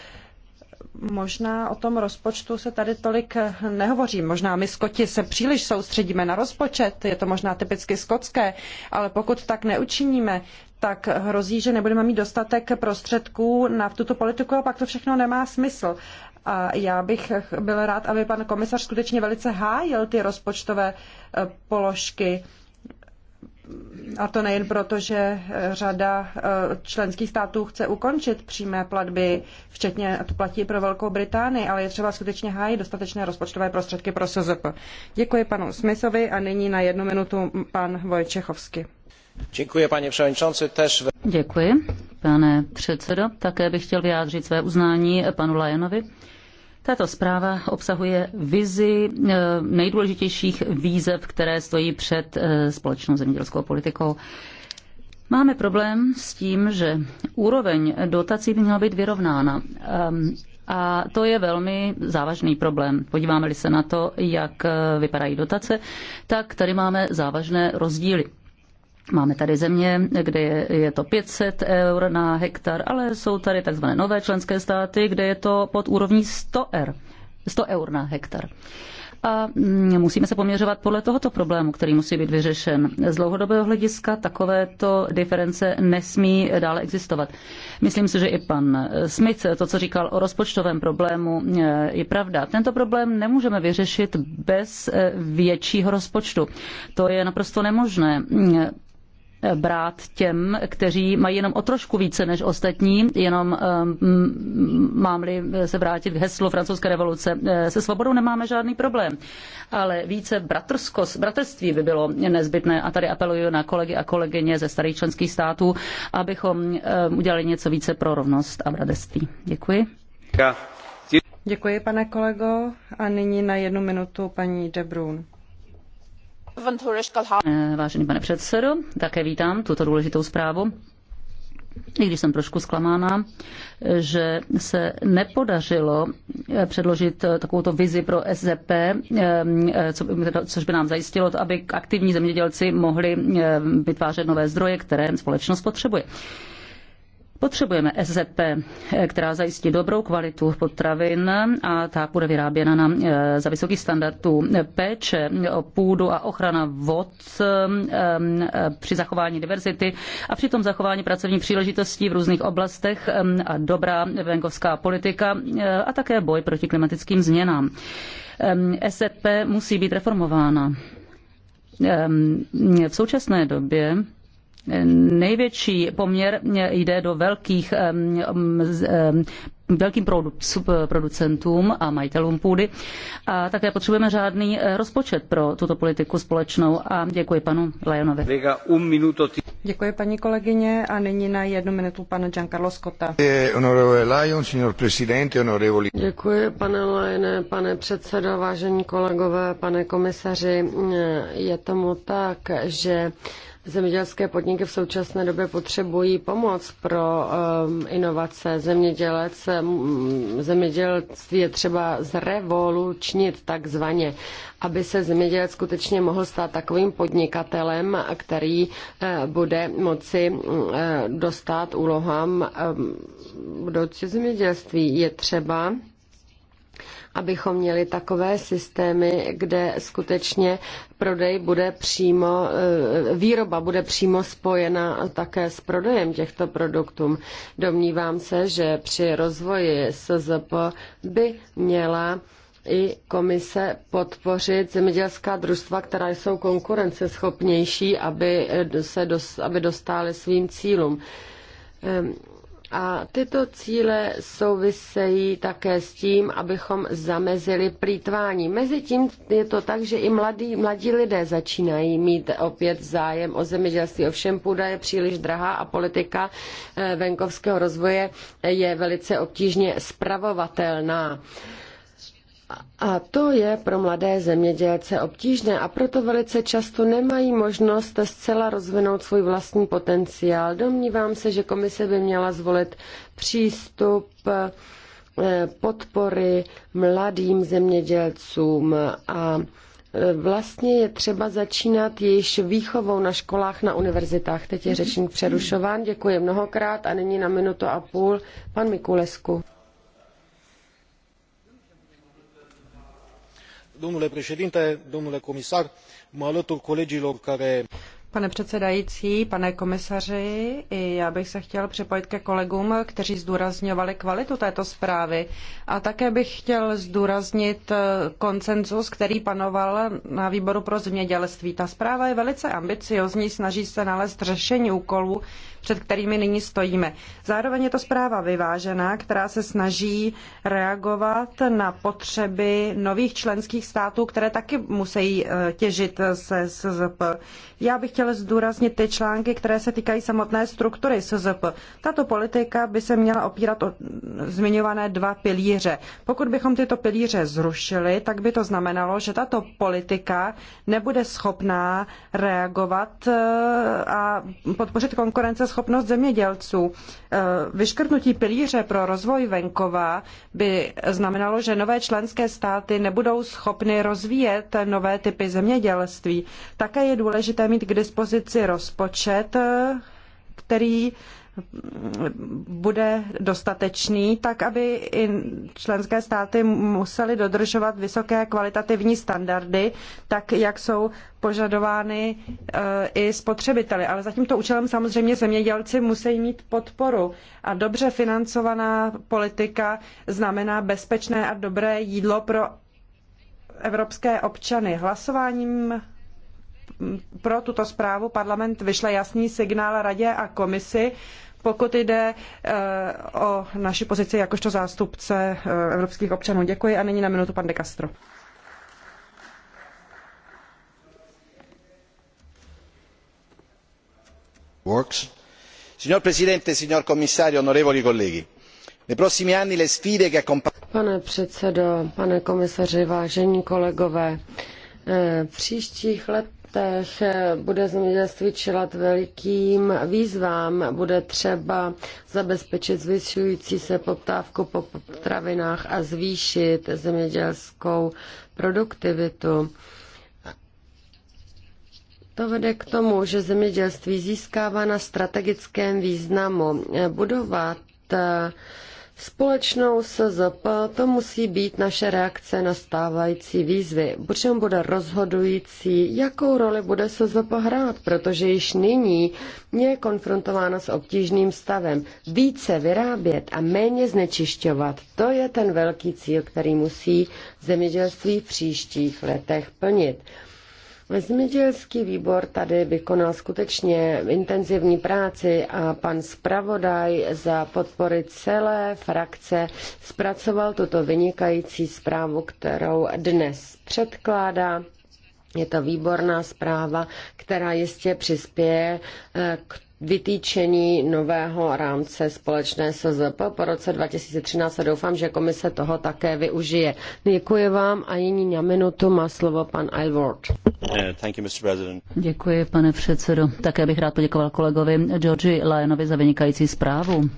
Možná o tom rozpočtu se tady tolik nehovoří. Možná my Skoti se příliš soustředíme na rozpočet, je to možná typicky skotské, ale pokud tak neučiníme, tak hrozí, že nebudeme mít dostatek prostředků na tuto politiku a pak to všechno nemá smysl. A já bych byl rád, aby pan komisař skutečně velice hájil ty rozpočtové eh, položky a to nejen proto, že eh, řada eh, členských států chce ukončit přímé platby, včetně a to platí pro Velkou Británii, ale je třeba skutečně hájit dostatečné rozpočtové prostředky pro SZP. Děkuji panu Smithovi a nyní na jednu minutu pan Vojčechovsky. Děkuji, pane předsedající. Tež... Děkuji, pane předsedo. Také bych chtěl vyjádřit své uznání panu Lajanovi. Tato zpráva obsahuje vizi eh, nejdůležitějších výzev, které stojí před eh, společnou zemědělskou politikou. Máme problém s tím, že úroveň dotací by měla být vyrovnána. Ehm, a to je velmi závažný problém. Podíváme-li se na to, jak eh, vypadají dotace, tak tady máme závažné rozdíly. Máme tady země, kde je to 500 eur na hektar, ale jsou tady takzvané nové členské státy, kde je to pod úrovní 100 eur, 100 eur na hektar a mm, musíme se poměřovat podle tohoto problému, který musí být vyřešen. Z dlouhodobého hlediska takovéto diference nesmí dále existovat. Myslím si, že i pan Smith to, co říkal o rozpočtovém problému, je pravda. Tento problém nemůžeme vyřešit bez e, většího rozpočtu. To je naprosto nemožné brát těm, kteří mají jenom o trošku více než ostatní, jenom eh, mám-li se vrátit k heslu francouzské revoluce. Eh, se svobodou nemáme žádný problém, ale více bratrskost, bratrství by bylo nezbytné a tady apeluju na kolegy a kolegyně ze starých členských států, abychom eh, udělali něco více pro rovnost a bratrství. Děkuji. Děkuji, pane kolego. A nyní na jednu minutu paní Debrun. Eh, vážený pane předsedo, také vítám tuto důležitou zprávu i když jsem trošku zklamána, že se nepodařilo eh, předložit eh, takovouto vizi pro SZP, což by nám zajistilo, aby aktivní zemědělci mohli vytvářet nové zdroje, které společnost potřebuje. Potřebujeme SZP, eh, která zajistí dobrou kvalitu potravin a ta bude vyráběna na, eh, za vysokých standardů. Péče o půdu a ochrana vod eh, při zachování diverzity a při tom zachování pracovních příležitostí v různých oblastech a dobrá venkovská politika a také boj proti klimatickým změnám. SZP musí být reformována. V současné době největší poměr jde do velkých velkým producentům a majitelům půdy. A také potřebujeme řádný eh, rozpočet pro tuto politiku společnou. A děkuji panu Lajonovi. Děkuji paní kolegyně a nyní na jednu minutu pana Giancarlo Scotta. Děkuji pane Lajene, pane předsedo, vážení kolegové, pane komisaři. Je tomu tak, že Zemědělské podniky v současné době potřebují pomoc pro um, inovace. Zemědělec, um, zemědělství je třeba zrevolučnit takzvaně, aby se zemědělec skutečně mohl stát takovým podnikatelem, který uh, bude moci uh, dostat úlohám um, budoucí zemědělství. Je třeba abychom měli takové systémy, kde skutečně prodej bude přímo, eh, výroba bude přímo spojena také s prodejem těchto produktů. Domnívám se, že při rozvoji SZP by měla i komise podpořit zemědělská družstva, která jsou konkurenceschopnější, aby, se dos, aby dostály svým cílům. Ehm, a tyto cíle souvisejí také s tím, abychom zamezili plítvání. Mezitím je to tak, že i mladí, mladí lidé začínají mít opět zájem o zemědělství. Ovšem půda je příliš drahá a politika eh, venkovského rozvoje je velice obtížně spravovatelná. A to je pro mladé zemědělce obtížné a proto velice často nemají možnost zcela rozvinout svůj vlastní potenciál. Domnívám se, že komise by měla zvolit přístup eh, podpory mladým zemědělcům a eh, Vlastně je třeba začínat již výchovou na školách, na univerzitách. Teď je řečník přerušován. Děkuji mnohokrát a nyní na minutu a půl pan Mikulesku. Pane předsedající, pane komisaři, i já bych se chtěl připojit ke kolegům, kteří zdůrazňovali kvalitu této zprávy. A také bych chtěl zdůraznit eh, konsenzus, který panoval na výboru pro zemědělství. Ta zpráva je velice ambiciózní, snaží se nalézt řešení úkolů, před kterými nyní stojíme. Zároveň je to zpráva vyvážená, která se snaží reagovat na potřeby nových členských států, které taky musí eh, těžit se SZP. Já bych chtěla zdůraznit ty články, které se týkají samotné struktury SZP. Tato politika by se měla opírat o zmiňované dva pilíře. Pokud bychom tyto pilíře zrušili, tak by to znamenalo, že tato politika nebude schopná reagovat eh, a podpořit konkurence schopnost zemědělců. E, vyškrtnutí pilíře pro rozvoj venkova by znamenalo, že nové členské státy nebudou schopny rozvíjet nové typy zemědělství. Také je důležité mít k dispozici rozpočet, e, který bude dostatečný, tak aby i členské státy musely dodržovat vysoké kvalitativní standardy, tak jak jsou požadovány eh, i spotřebiteli. Ale za tímto účelem samozřejmě zemědělci musí mít podporu a dobře financovaná politika znamená bezpečné a dobré jídlo pro evropské občany. Hlasováním pro tuto zprávu parlament vyšle jasný signál radě a komisi, pokud jde e, o naši pozici jakožto zástupce e, evropských občanů. Děkuji a nyní na minutu pan de Castro. Works. Signor Presidente, signor Commissario, onorevoli colleghi, Pane předsedo, pane komisaři, vážení kolegové, e, v příštích letech letech bude zemědělství čelat velikým výzvám. Bude třeba zabezpečit zvyšující se poptávku po potravinách a zvýšit zemědělskou produktivitu. To vede k tomu, že zemědělství získává na strategickém významu. Budovat Společnou SZP to musí být naše reakce na stávající výzvy. Počem bude rozhodující, jakou roli bude SZP hrát, protože již nyní je konfrontována s obtížným stavem. Více vyrábět a méně znečišťovat, to je ten velký cíl, který musí zemědělství v příštích letech plnit. Zemědělský výbor tady vykonal skutečně intenzivní práci a pan zpravodaj za podpory celé frakce zpracoval tuto vynikající zprávu, kterou dnes předkládá. Je to výborná zpráva, která jistě přispěje k vytýčení nového rámce společné SZP po roce 2013 a doufám, že komise toho také využije. Děkuji vám a jiní na minutu má slovo pan Aylward. Děkuji, pane předsedo. Také bych rád poděkoval kolegovi Georgi Lajanovi za vynikající zprávu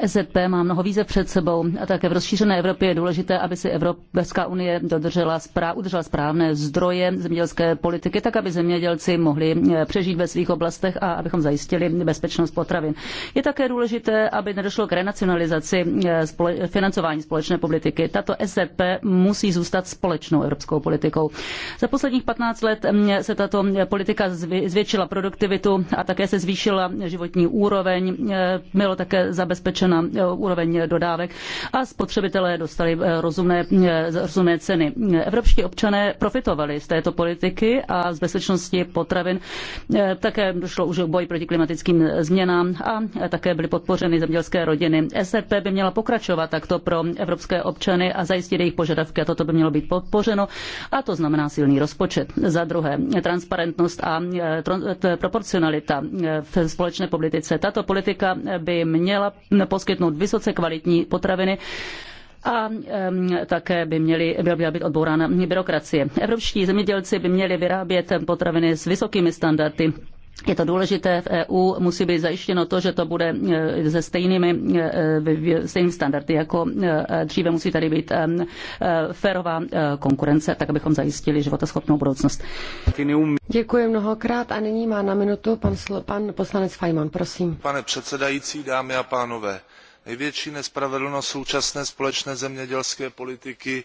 EZP ehm, e má mnoho výzev před sebou a také v rozšířené Evropě je důležité, aby si Evropská unie dodržela udržela správné zdroje zemědělské politiky, tak aby zemědělci mohli eh, přežít ve svých oblastech a abychom zajistili bezpečnost potravin. Je také důležité, aby nedošlo k renacionalizaci eh, financování společné politiky. Tato EZP musí zůstat společnou evropskou politikou. Za posledních 15 let mm, se tato eh, politika zvětšila produktivitu a také se zvýšila životní úroveň. Bylo také zabezpečena e, úroveň dodávek a spotřebitelé dostali e, rozumné, e, rozumné ceny. Evropští občané profitovali z této politiky a z bezpečnosti potravin. Také došlo už k boji proti klimatickým změnám a také byly podpořeny zemědělské rodiny. SRP by měla pokračovat takto pro evropské občany a zajistit jejich požadavky a toto by mělo být podpořeno a to znamená silný rozpočet. Za druhé, transparentnost a proporcionalita v společné politice. Tato politika by měla měla poskytnout vysoce kvalitní potraviny a um, také by měly, by měla být odbourána byrokracie. Evropští zemědělci by měli vyrábět potraviny s vysokými standardy je to důležité v EU, musí být zajištěno to, že to bude e, se stejnými, e, stejnými standardy jako e, dříve. Musí tady být férová konkurence, tak abychom zajistili životaschopnou budoucnost. Děkuji mnohokrát a nyní má na minutu pan, pan poslanec Fajman, prosím. Pane předsedající, dámy a pánové, největší nespravedlnost současné společné zemědělské politiky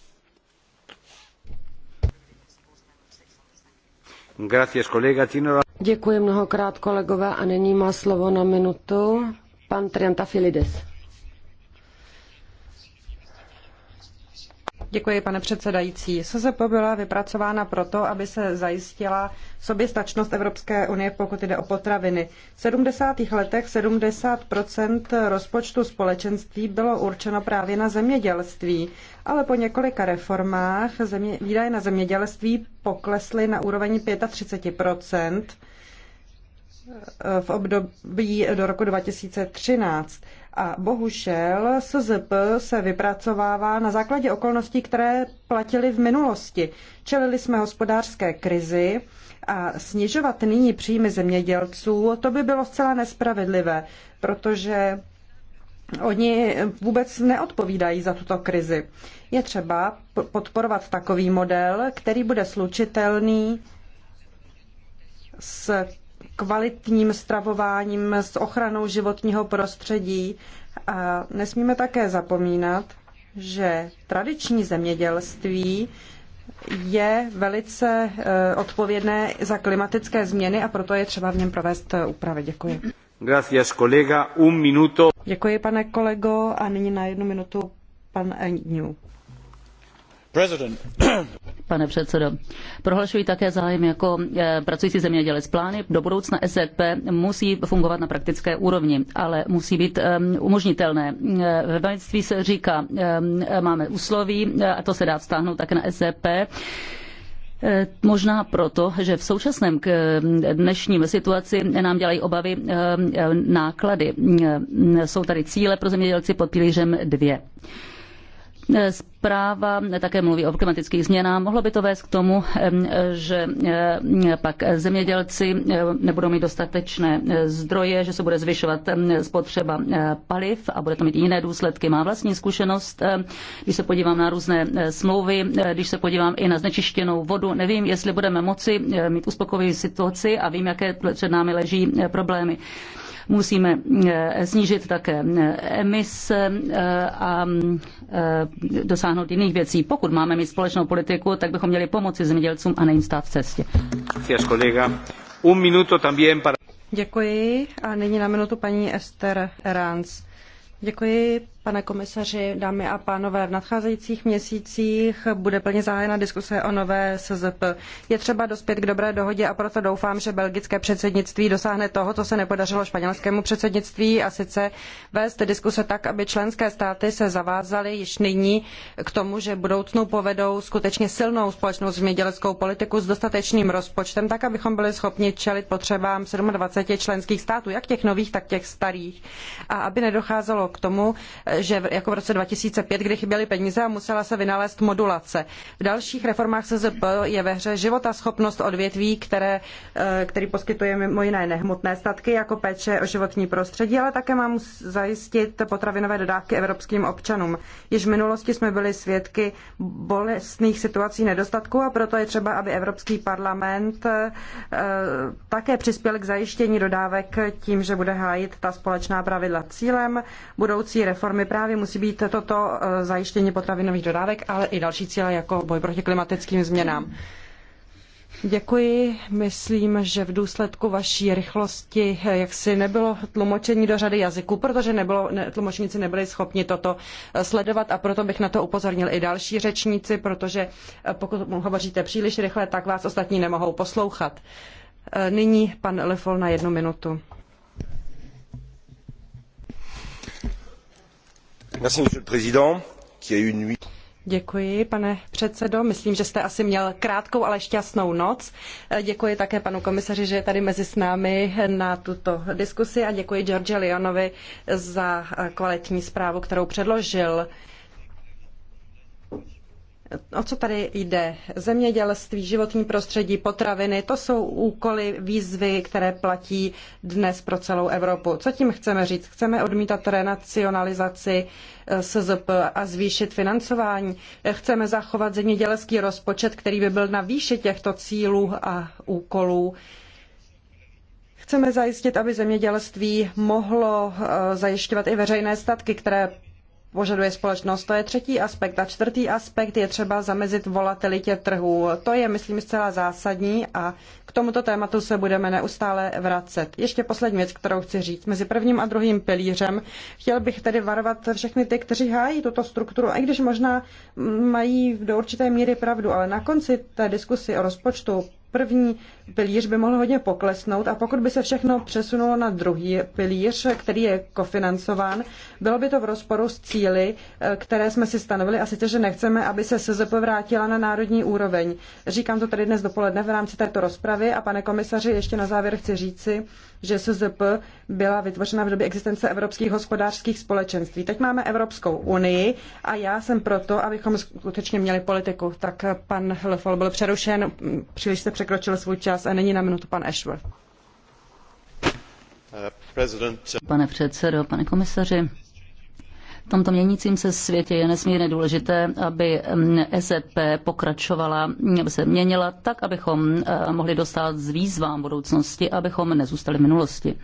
Děkuji mnohokrát, kolegové, a nyní má slovo na minutu pan Triantafilides. Děkuji, pane předsedající. SZP byla vypracována proto, aby se zajistila soběstačnost Evropské unie, pokud jde o potraviny. V 70. letech 70 rozpočtu společenství bylo určeno právě na zemědělství, ale po několika reformách země, výdaje na zemědělství poklesly na úroveň 35 v období do roku 2013. A bohužel SZP se vypracovává na základě okolností, které platily v minulosti. Čelili jsme hospodářské krizi a snižovat nyní příjmy zemědělců, to by bylo zcela nespravedlivé, protože Oni vůbec neodpovídají za tuto krizi. Je třeba podporovat takový model, který bude slučitelný s kvalitním stravováním, s ochranou životního prostředí. A nesmíme také zapomínat, že tradiční zemědělství je velice eh, odpovědné za klimatické změny a proto je třeba v něm provést eh, úpravy. Děkuji. Gracias, kolega. Un minuto. Děkuji, pane kolego. A nyní na jednu minutu pan Pane předsedo, prohlašuji také zájem jako eh, pracující zemědělec. Plány do budoucna SZP musí fungovat na praktické úrovni, ale musí být eh, umožnitelné. Eh, ve vajectví se říká, máme úsloví a to se dá vztáhnout také na SZP. Možná proto, že v současném dnešním situaci nám dělají obavy náklady. Jsou tady cíle pro zemědělci pod pilířem 2. Eh, zpráva také mluví o klimatických změnách. Mohlo by to vést k tomu, eh, že eh, pak zemědělci nebudou mít dostatečné zdroje, že se bude zvyšovat spotřeba paliv a bude to mít jiné důsledky. Má vlastní zkušenost, když se podívám na různé smlouvy, když se podívám i na znečištěnou vodu. Nevím, jestli budeme moci mít uspokojivou situaci a vím, jaké před námi leží problémy. Musíme eh, snížit také eh, emise eh, a dosáhnout jiných věcí. Pokud máme mít společnou politiku, tak bychom měli pomoci zemědělcům a nejim stát v cestě. Děkuji a nyní na minutu paní Ester Rans. Děkuji, Pane komisaři, dámy a pánové, v nadcházejících měsících bude plně zahájena diskuse o nové SZP. Je třeba dospět k dobré dohodě a proto doufám, že belgické předsednictví dosáhne toho, co se nepodařilo španělskému předsednictví, a sice vést diskuse tak, aby členské státy se zavázaly již nyní k tomu, že budoucnu povedou skutečně silnou společnou zemědělskou politiku s dostatečným rozpočtem, tak abychom byli schopni čelit potřebám 27 členských států, jak těch nových, tak těch starých, a aby nedocházelo k tomu, že jako v roce 2005, kdy chyběly peníze a musela se vynalézt modulace. V dalších reformách SZP je ve hře životaschopnost odvětví, které, eh, který poskytuje mimo jiné nehmotné statky, jako péče o životní prostředí, ale také mám zajistit potravinové dodávky evropským občanům. Již v minulosti jsme byli svědky bolestných situací nedostatku a proto je třeba, aby Evropský parlament eh, také přispěl k zajištění dodávek tím, že bude hájit ta společná pravidla. Cílem budoucí reformy cílemi právě musí být toto eh, zajištění potravinových dodávek, ale i další cíle jako boj proti klimatickým změnám. Děkuji. Myslím, že v důsledku vaší rychlosti eh, jaksi nebylo tlumočení do řady jazyků, protože nebylo, ne, tlumočníci nebyli schopni toto eh, sledovat a proto bych na to upozornil i další řečníci, protože pokud hovoříte příliš rychle, tak vás ostatní nemohou poslouchat. Nyní pan Lefol na jednu minutu. Děkuji, pane předsedo. Myslím, že jste asi měl krátkou, ale šťastnou noc. Eh, děkuji také panu komisaři, že je tady mezi s námi na tuto diskusi a děkuji George Leonovi za eh, kvalitní zprávu, kterou předložil. O co tady jde? Zemědělství, životní prostředí, potraviny, to jsou úkoly, výzvy, které platí dnes pro celou Evropu. Co tím chceme říct? Chceme odmítat renacionalizaci eh, SZP a zvýšit financování. Eh, chceme zachovat zemědělský rozpočet, který by byl na výši těchto cílů a úkolů. Chceme zajistit, aby zemědělství mohlo eh, zajišťovat i veřejné statky, které požaduje společnost. To je třetí aspekt. A čtvrtý aspekt je třeba zamezit volatilitě trhů. To je, myslím, zcela zásadní a k tomuto tématu se budeme neustále vracet. Ještě poslední věc, kterou chci říct. Mezi prvním a druhým pilířem chtěl bych tedy varovat všechny ty, kteří hájí tuto strukturu, i když možná mají do určité míry pravdu, ale na konci té diskusy o rozpočtu první pilíř by mohl hodně poklesnout a pokud by se všechno přesunulo na druhý pilíř, který je kofinancován, bylo by to v rozporu s cíly, eh, které jsme si stanovili a sice, že nechceme, aby se SZP vrátila na národní úroveň. Říkám to tady dnes dopoledne v rámci této rozpravy a pane komisaři, ještě na závěr chci říci, že SZP byla vytvořena v době existence evropských hospodářských společenství. Teď máme Evropskou unii a já jsem proto, abychom skutečně měli politiku. Tak eh, pan Lefol byl přerušen, mm, příliš se překročil svůj čas a není na minutu pan Ashworth. Pane předsedo, pane komisaři, v tomto měnícím se světě je nesmírně důležité, aby EZP mm, pokračovala, aby se měnila tak, abychom eh, mohli dostat z výzvám budoucnosti, abychom nezůstali v minulosti.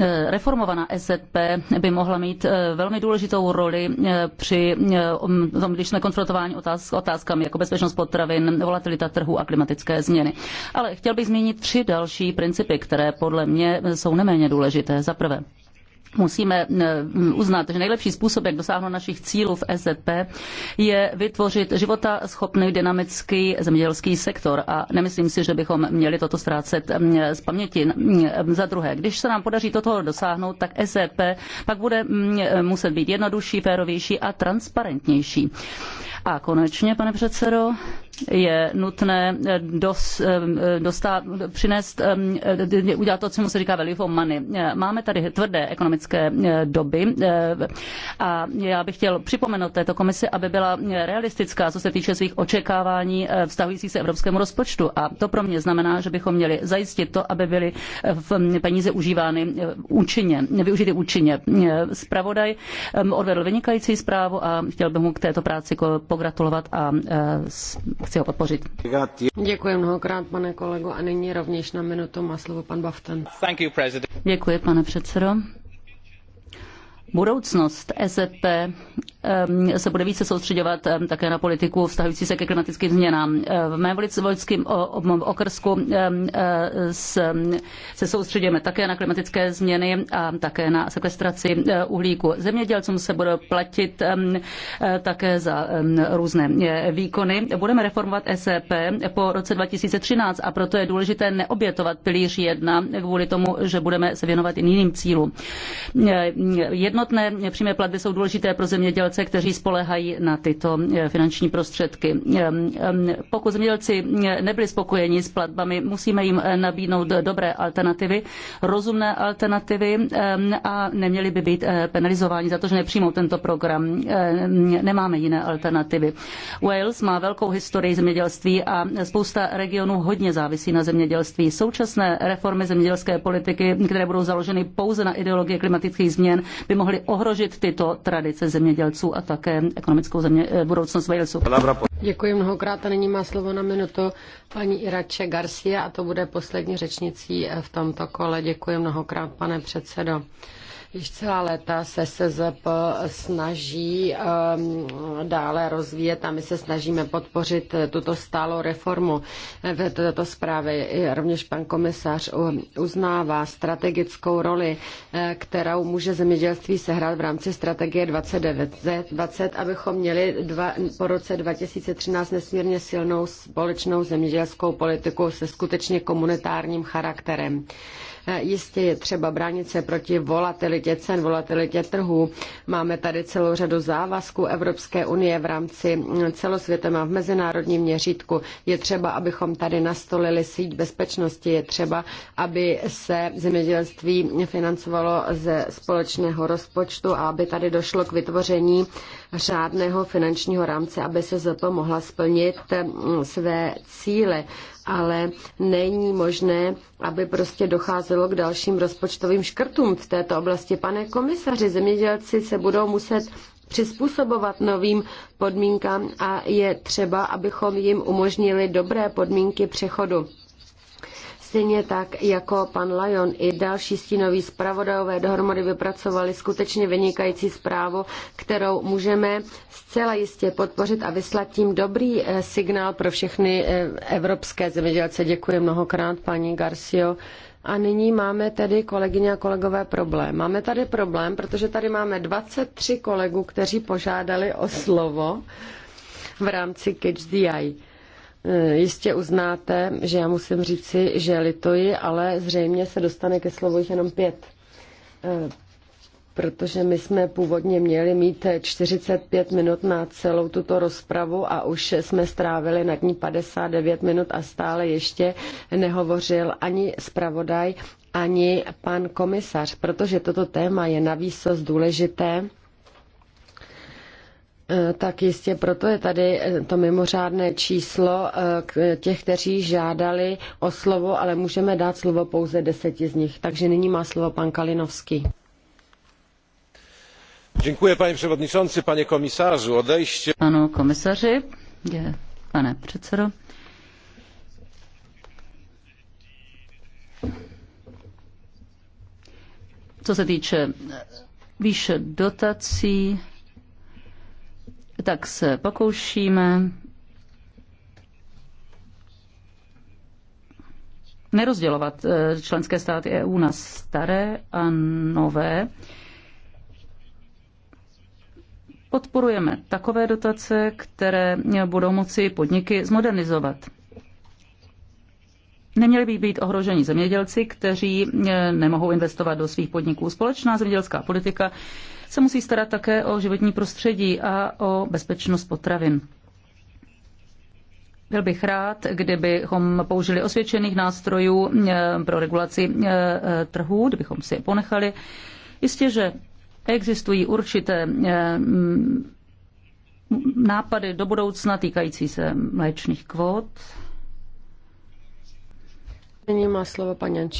Eh, reformovaná SZP by mohla mít eh, velmi důležitou roli eh, při um, tom, když jsme konfrontováni otázk, otázkami jako bezpečnost potravin, volatilita trhu a klimatické změny. Ale chtěl bych zmínit tři další principy, které podle mě jsou neméně důležité. Za prvé, musíme eh, uznat, že nejlepší způsob, jak dosáhnout našich cílů v SZP, je vytvořit života schopný dynamický zemědělský sektor. A nemyslím si, že bychom měli toto ztrácet z paměti. Za druhé, když se nám podaří toto dosáhnout, tak SZP pak bude muset být jednodušší, férovější a transparentnější. A konečně, pane předsedo, je nutné eh, dos, eh, dostat, přinést, eh, udělat to, co mu se říká value for money. Máme tady tvrdé ekonomické doby a já bych chtěl připomenout této komisi, aby byla realistická, co se týče svých očekávání vztahujících se evropskému rozpočtu. A to pro mě znamená, že bychom měli zajistit to, aby byly peníze užívány účinně, využity účinně. Spravodaj odvedl vynikající zprávu a chtěl bych mu k této práci pogratulovat a chci ho podpořit. Děkuji mnohokrát, pane kolego, a nyní rovněž na minutu má slovo pan Bafton. Děkuji, pane předsedo. Budoucnost SFP se bude více soustředovat také na politiku vztahující se ke klimatickým změnám. V mém volickém okrsku se soustředíme také na klimatické změny a také na sekvestraci uhlíku. Zemědělcům se bude platit eh, také za různé eh, výkony. Budeme reformovat SEP po roce 2013 a proto je důležité neobětovat pilíř jedna kvůli tomu, že budeme se věnovat jiným cílům. Jedno Jednotné přímé platby jsou důležité pro zemědělce, kteří spolehají na tyto eh, finanční prostředky. Ehm, ehm, pokud zemědělci eh, nebyli spokojeni s platbami, musíme jim eh, nabídnout dobré alternativy, rozumné alternativy ehm, a neměli by být penalizováni za to, že nepřijmou tento program. Nemáme jiné alternativy. Wales má velkou historii zemědělství a spousta regionů hodně závisí na zemědělství. Současné reformy zemědělské politiky, které budou založeny pouze na ideologii klimatických změn, by mohly mohly ohrožit tyto tradice zemědělců a také ekonomickou země, eh, budoucnost Walesu. Děkuji mnohokrát a nyní má slovo na minutu paní Irače Garcia a to bude poslední řečnicí eh, v tomto kole. Děkuji mnohokrát, pane předsedo. Již celá léta se SZP snaží um, dále rozvíjet a my se snažíme podpořit tuto stálou reformu v této zprávě. Rovněž pan komisař uznává strategickou roli, eh, kterou může zemědělství sehrát v rámci strategie 2020, abychom měli dva, po roce 2013 nesmírně silnou společnou zemědělskou politiku se skutečně komunitárním charakterem. Eh, jistě je třeba bránit se proti volatilitě cen, volatilitě trhů. Máme tady celou řadu závazků Evropské unie v rámci eh, celosvětem a v mezinárodním měřítku. Je třeba, abychom tady nastolili síť bezpečnosti. Je třeba, aby se zemědělství financovalo ze společného rozpočtu a aby tady došlo k vytvoření řádného finančního rámce, aby se za to mohla splnit eh, své cíle ale není možné, aby prostě docházelo k dalším rozpočtovým škrtům v této oblasti. Pane komisaři, zemědělci se budou muset přizpůsobovat novým podmínkám a je třeba, abychom jim umožnili dobré podmínky přechodu. Stejně tak jako pan Lajon i další stínoví zpravodajové dohromady vypracovali skutečně vynikající zprávu, kterou můžeme zcela jistě podpořit a vyslat tím dobrý eh, signál pro všechny eh, evropské zemědělce. Děkuji mnohokrát, paní Garcio. A nyní máme tedy, kolegyně a kolegové, problém. Máme tady problém, protože tady máme 23 kolegů, kteří požádali o slovo v rámci Catch the Eye. E, jistě uznáte, že já musím říci, že lituji, ale zřejmě se dostane ke slovu jich jenom pět. E, protože my jsme původně měli mít 45 minut na celou tuto rozpravu a už jsme strávili nad ní 59 minut a stále ještě nehovořil ani zpravodaj, ani pan komisař, protože toto téma je navíc důležité Eh, tak jistě proto je tady eh, to mimořádné číslo eh, těch, kteří žádali o slovo, ale můžeme dát slovo pouze deseti z nich. Takže nyní má slovo pan Kalinovský. Děkuji, pane předsedající, pane komisařu. Odejště... Ano, komisaři, je, pane předsedo. Co se týče výše dotací, tak se pokoušíme nerozdělovat eh, členské státy EU na staré a nové. Podporujeme takové dotace, které budou moci podniky zmodernizovat. Neměli by být ohroženi zemědělci, kteří eh, nemohou investovat do svých podniků. Společná zemědělská politika se musí starat také o životní prostředí a o bezpečnost potravin. Byl bych rád, kdybychom použili osvědčených nástrojů eh, pro regulaci eh, trhů, kdybychom si je ponechali. Jistě, že existují určité nápady do budoucna týkající se mléčných kvót. Nyní má slovo paní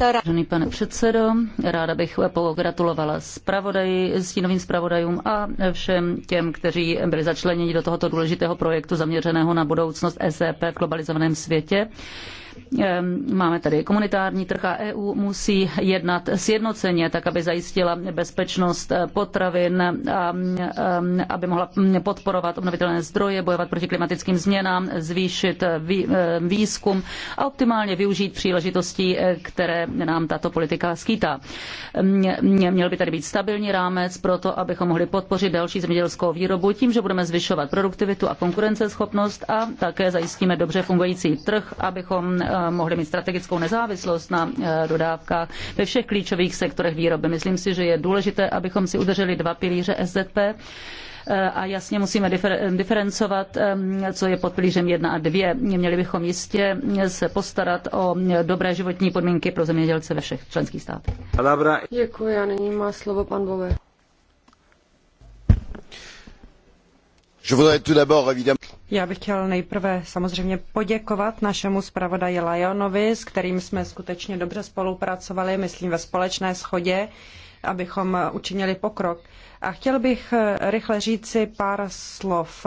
Vážený pane předsedo, ráda bych pogratulovala zpravodaji, stínovým zpravodajům a všem těm, kteří byli začleněni do tohoto důležitého projektu zaměřeného na budoucnost SEP v globalizovaném světě. Ehm, máme tady komunitární trh a EU musí jednat sjednoceně, tak aby zajistila bezpečnost eh, potravin ehm, aby mohla mm, podporovat obnovitelné zdroje, bojovat proti klimatickým změnám, zvýšit eh, ehm, výzkum a optimálně využít příležitostí, eh, které nám tato politika skýtá. Měl by tady být stabilní rámec pro to, abychom mohli podpořit další zemědělskou výrobu tím, že budeme zvyšovat produktivitu a konkurenceschopnost a také zajistíme dobře fungující trh, abychom Eh, mohli mít strategickou nezávislost na eh, dodávkách ve všech klíčových sektorech výroby. Myslím si, že je důležité, abychom si udrželi dva pilíře SZP eh, a jasně musíme diferencovat, co je pod pilířem 1 a 2. Měli bychom jistě se postarat o dobré životní podmínky pro zemědělce ve všech členských státech. Děkuji a nyní má slovo pan Bové. Já bych chtěl nejprve samozřejmě poděkovat našemu zpravodaji Lajonovi, s kterým jsme skutečně dobře spolupracovali, myslím ve společné schodě, abychom učinili pokrok. A chtěl bych eh, rychle říci pár slov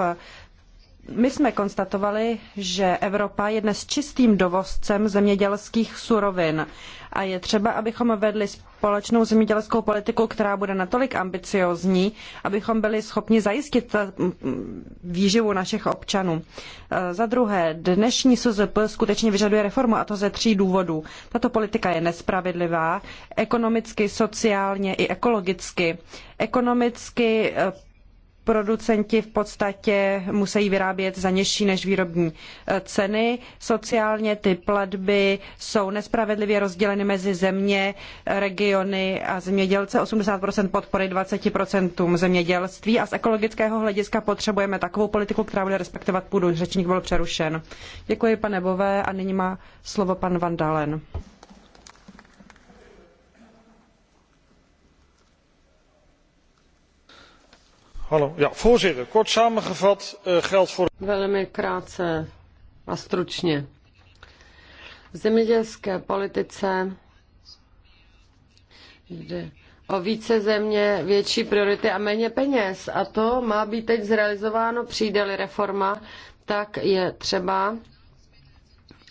my jsme konstatovali, že Evropa je dnes čistým dovozcem zemědělských surovin a je třeba, abychom vedli společnou zemědělskou politiku, která bude natolik ambiciózní, abychom byli schopni zajistit výživu našich občanů. E, za druhé, dnešní SZP skutečně vyžaduje reformu a to ze tří důvodů. Tato politika je nespravedlivá ekonomicky, sociálně i ekologicky. Ekonomicky e, producenti v podstatě musí vyrábět za nižší než výrobní eh, ceny. Sociálně ty platby jsou nespravedlivě rozděleny mezi země, regiony a zemědělce. 80% podpory 20% zemědělství a z ekologického hlediska potřebujeme takovou politiku, která bude respektovat půdu. Řečník byl přerušen. Děkuji pane Bové a nyní má slovo pan Van Dalen. voorzitter kort samengevat eh, geldt voor. velmi krátce a stručně. v zemědělské politice jde o více země, větší priority a méně peněz. A to má být teď zrealizováno, přijde-li reforma, tak je třeba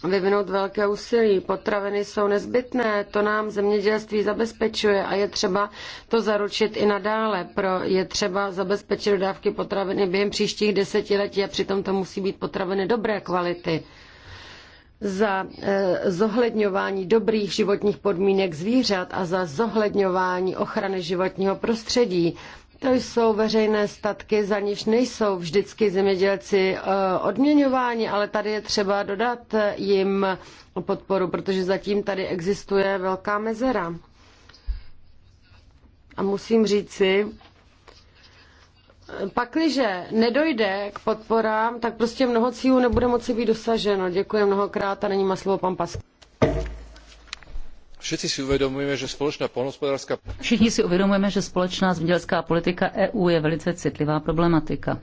vyvinout velké úsilí. Potraviny jsou nezbytné, to nám zemědělství zabezpečuje a je třeba to zaručit i nadále. Pro je třeba zabezpečit dodávky potraviny během příštích desetiletí a přitom to musí být potraviny dobré kvality. Za eh, zohledňování dobrých životních podmínek zvířat a za zohledňování ochrany životního prostředí to jsou veřejné statky, za niž nejsou vždycky zemědělci eh, odměňováni, ale tady je třeba dodat eh, jim podporu, protože zatím tady existuje velká mezera. A musím říci, eh, pakliže nedojde k podporám, tak prostě mnoho cílů nebude moci být dosaženo. Děkuji mnohokrát a není má slovo pan Pasku. Všichni si uvědomujeme, že společná polnospodářská... Všichni si uvědomujeme, že společná zemědělská politika EU je velice citlivá problematika.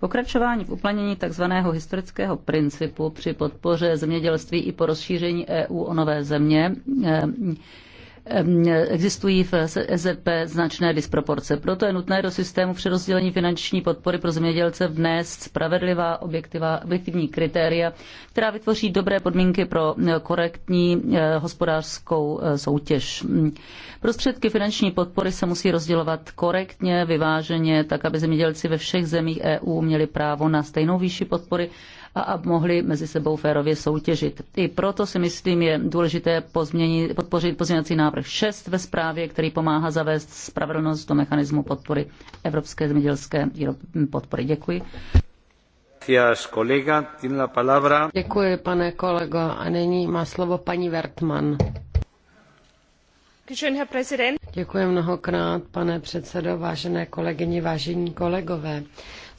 Pokračování v uplanění tzv. historického principu při podpoře zemědělství i po rozšíření EU o nové země Ehm, existují v EZP značné disproporce. Proto je nutné do systému přerozdělení finanční podpory pro zemědělce vnést spravedlivá objektivní kritéria, která vytvoří dobré podmínky pro eh, korektní eh, hospodářskou eh, soutěž. Prostředky finanční podpory se musí rozdělovat korektně, vyváženě, tak aby zemědělci ve všech zemích EU měli právo na stejnou výši podpory a aby mohli mezi sebou férově soutěžit. I proto si myslím je důležité pozměnit, podpořit pozměňovací návrh 6 ve zprávě, který pomáhá zavést spravedlnost do mechanismu podpory Evropské zemědělské podpory. Děkuji. Děkuji, pane kolego. A nyní má slovo paní Wertmann. Děkuji mnohokrát, pane předsedo, vážené kolegyně, vážení kolegové.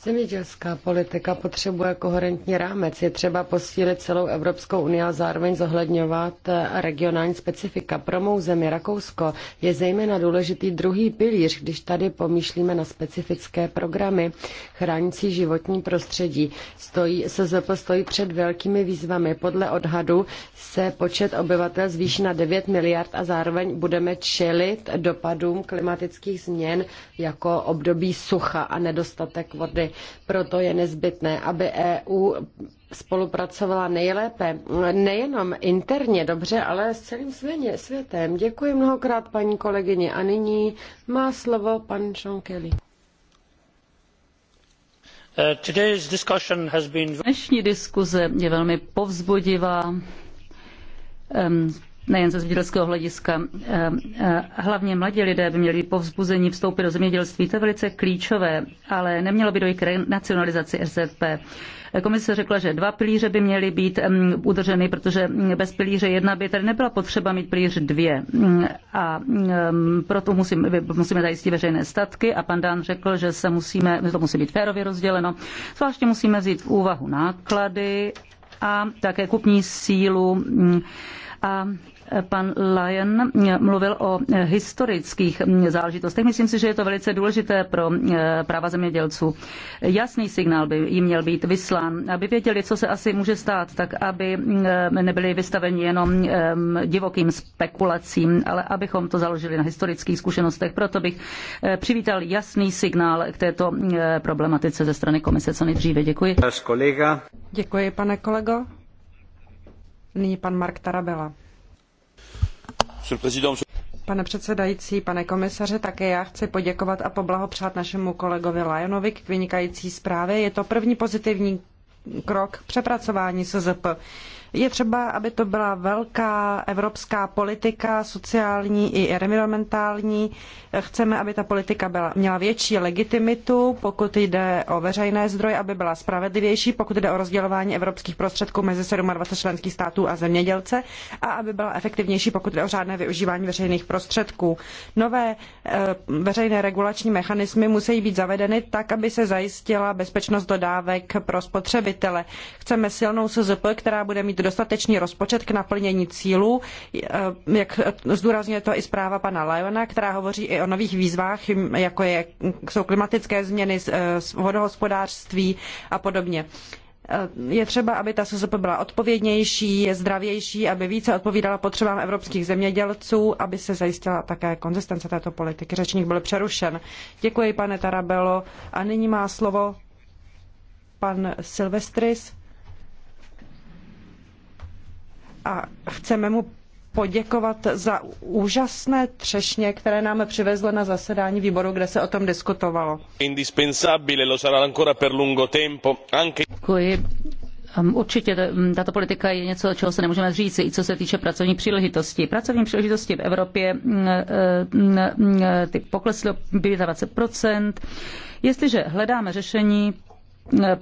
Zemědělská politika potřebuje koherentní rámec. Je třeba posílit celou Evropskou unii a zároveň zohledňovat eh, regionální specifika. Pro mou zemi Rakousko je zejména důležitý druhý pilíř, když tady pomýšlíme na specifické programy chránící životní prostředí. Stojí, SZP stojí před velkými výzvami. Podle odhadu se počet obyvatel zvýší na 9 miliard a zároveň budeme čelit dopadům klimatických změn jako období sucha a nedostatek vody proto je nezbytné, aby EU spolupracovala nejlépe, nejenom interně dobře, ale s celým světem. Děkuji mnohokrát paní kolegyně a nyní má slovo pan Sean Kelly. Uh, Dnešní diskuze je velmi povzbudivá um, nejen ze zemědělského hlediska. Ehm, eh, hlavně mladí lidé by měli po povzbuzeni vstoupit do zemědělství, to je velice klíčové, ale nemělo by dojít k nacionalizaci SZP. Komise řekla, že dva pilíře by měly být ehm, udrženy, protože bez pilíře jedna by tady nebyla potřeba mít pilíř dvě. A ehm, proto musíme musíme zajistit veřejné statky a pan Dán řekl, že se musíme, to musí být férově rozděleno. Zvláště musíme vzít v úvahu náklady a také kupní sílu mm, a Pan Lyon mluvil o historických záležitostech. Myslím si, že je to velice důležité pro eh, práva zemědělců. Jasný signál by jim měl být vyslán, aby věděli, co se asi může stát, tak aby eh, nebyli vystaveni jenom eh, divokým spekulacím, ale abychom to založili na historických zkušenostech. Proto bych přivítal jasný signál k této problematice ze strany komise co nejdříve. Děkuji. Děkuji, pane kolego. Nyní pan Mark Tarabela. Pane předsedající, pane komisaři, také já chci poděkovat a poblahopřát našemu kolegovi Lajonovi k vynikající zprávě. Je to první pozitivní krok k přepracování SZP. Je třeba, aby to byla velká evropská politika, sociální i environmentální. Chceme, aby ta politika byla, měla větší legitimitu, pokud jde o veřejné zdroje, aby byla spravedlivější, pokud jde o rozdělování evropských prostředků mezi 27 členských států a zemědělce a aby byla efektivnější, pokud jde o řádné využívání veřejných prostředků. Nové eh, veřejné regulační mechanismy musí být zavedeny tak, aby se zajistila bezpečnost dodávek pro spotřebitele. Chceme silnou SZP, která bude mít dostatečný rozpočet k naplnění cílů, eh, jak zdůrazňuje to i zpráva pana Lajona, která hovoří i o nových výzvách, jako je, jsou klimatické změny, eh, vodohospodářství a podobně eh, je třeba, aby ta SZP byla odpovědnější, je zdravější, aby více odpovídala potřebám evropských zemědělců, aby se zajistila také konzistence této politiky. Řečník byl přerušen. Děkuji, pane Tarabelo. A nyní má slovo pan Silvestris a chceme mu poděkovat za úžasné třešně, které nám přivezl na zasedání výboru, kde se o tom diskutovalo. Děkuji. Určitě tato politika je něco, čeho se nemůžeme zříci, i co se týče pracovní příležitosti. Pracovní příležitosti v Evropě ty poklesly o 25 Jestliže hledáme řešení,